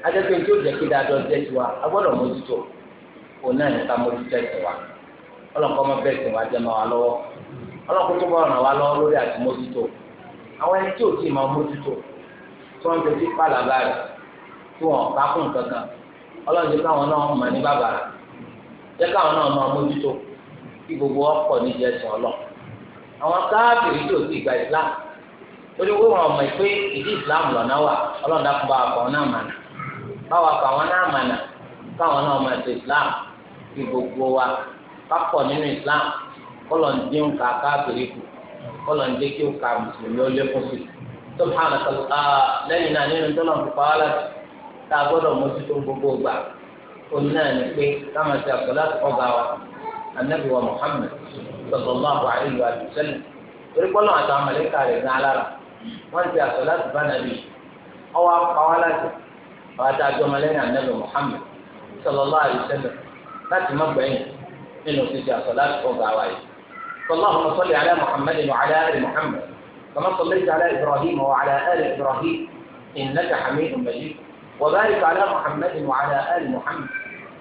adéke tí ó jẹ́ kí dáadọ́ jẹ́ tiwa a gbọ́dọ̀ mójútó òun náà ní ká mójútó ẹ̀sìn wa ọlọ́kọ́ máa bẹ́ẹ̀ sìn wá jẹ́ máa wá lọ́wọ́ ọlọ́kọ́ tó bá ràn wá lọ́wọ́ lórí àti mójútó àwọn ẹni tí ò tí ì máa mójútó tí wọ́n ń fetí pàlàbà rẹ̀ tí wọ́n ká fún kankan ọlọ́run ti káwọn náà mọ̀ ní bàbá rẹ̀ jẹ́ káwọn náà máa mójútó kí gbogbo ọkọ̀ níjẹ́ sùn ọlọ́ àwọn káàkiri tó ti gba islam torí pé wọn mọ̀ pé ìdí islam lọ́nà wà ọlọ́run dákun bá àpọ̀ náà mànà báwa kà wọn náà mànà káwọn náà máa ṣe islam kí gbogbo wa kápọ̀ nínú islam kọ́lọ̀ ń dín ká káàkiri kù kọ́lọ̀ ń dín kí ó ka mùsùlùmí ó lékún sí tó bá àlọ́ lẹ́yìn náà nínú tó lọ́n fi pa á tá a gbọ́dọ̀ mójútó gbogbo gbà. قلنا نبي إيه؟ كما في الصلاة قضى النبي ومحمد صلى الله عليه وسلم يقول والله أتعمى لك على ابن على رب وانت يا صلاة فنبي أو أبقى ولا وأتعجم لنا النبي محمد صلى الله عليه وسلم فات مبعين إنه تجي يا صلاة قضى فاللهم صل على محمد وعلى آل محمد كما صليت على إبراهيم وعلى آل إبراهيم إنك حميد مجيد وبارك على محمد وعلى آل محمد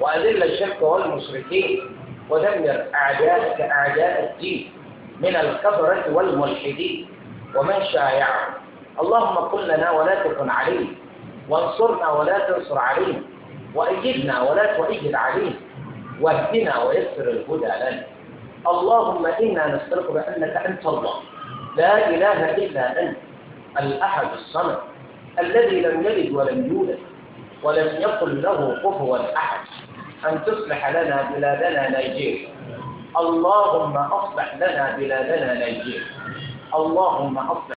وأذل الشرك والمشركين ودمر أعداءك أعداء الدين من الكفرة والملحدين ومن شايعهم اللهم كن لنا ولا تكن عليه وانصرنا ولا تنصر عليه وأيدنا ولا تؤيد عليه واهدنا ويسر الهدى لنا اللهم إنا نستغفرك بأنك أنت الله لا إله إلا أنت الأحد الصمد الذي لم يلد ولم يولد ولم يقل له كفوا أحد أن تصلح لنا بلادنا نيجيريا اللهم أصلح لنا بلادنا نيجيريا اللهم أصلح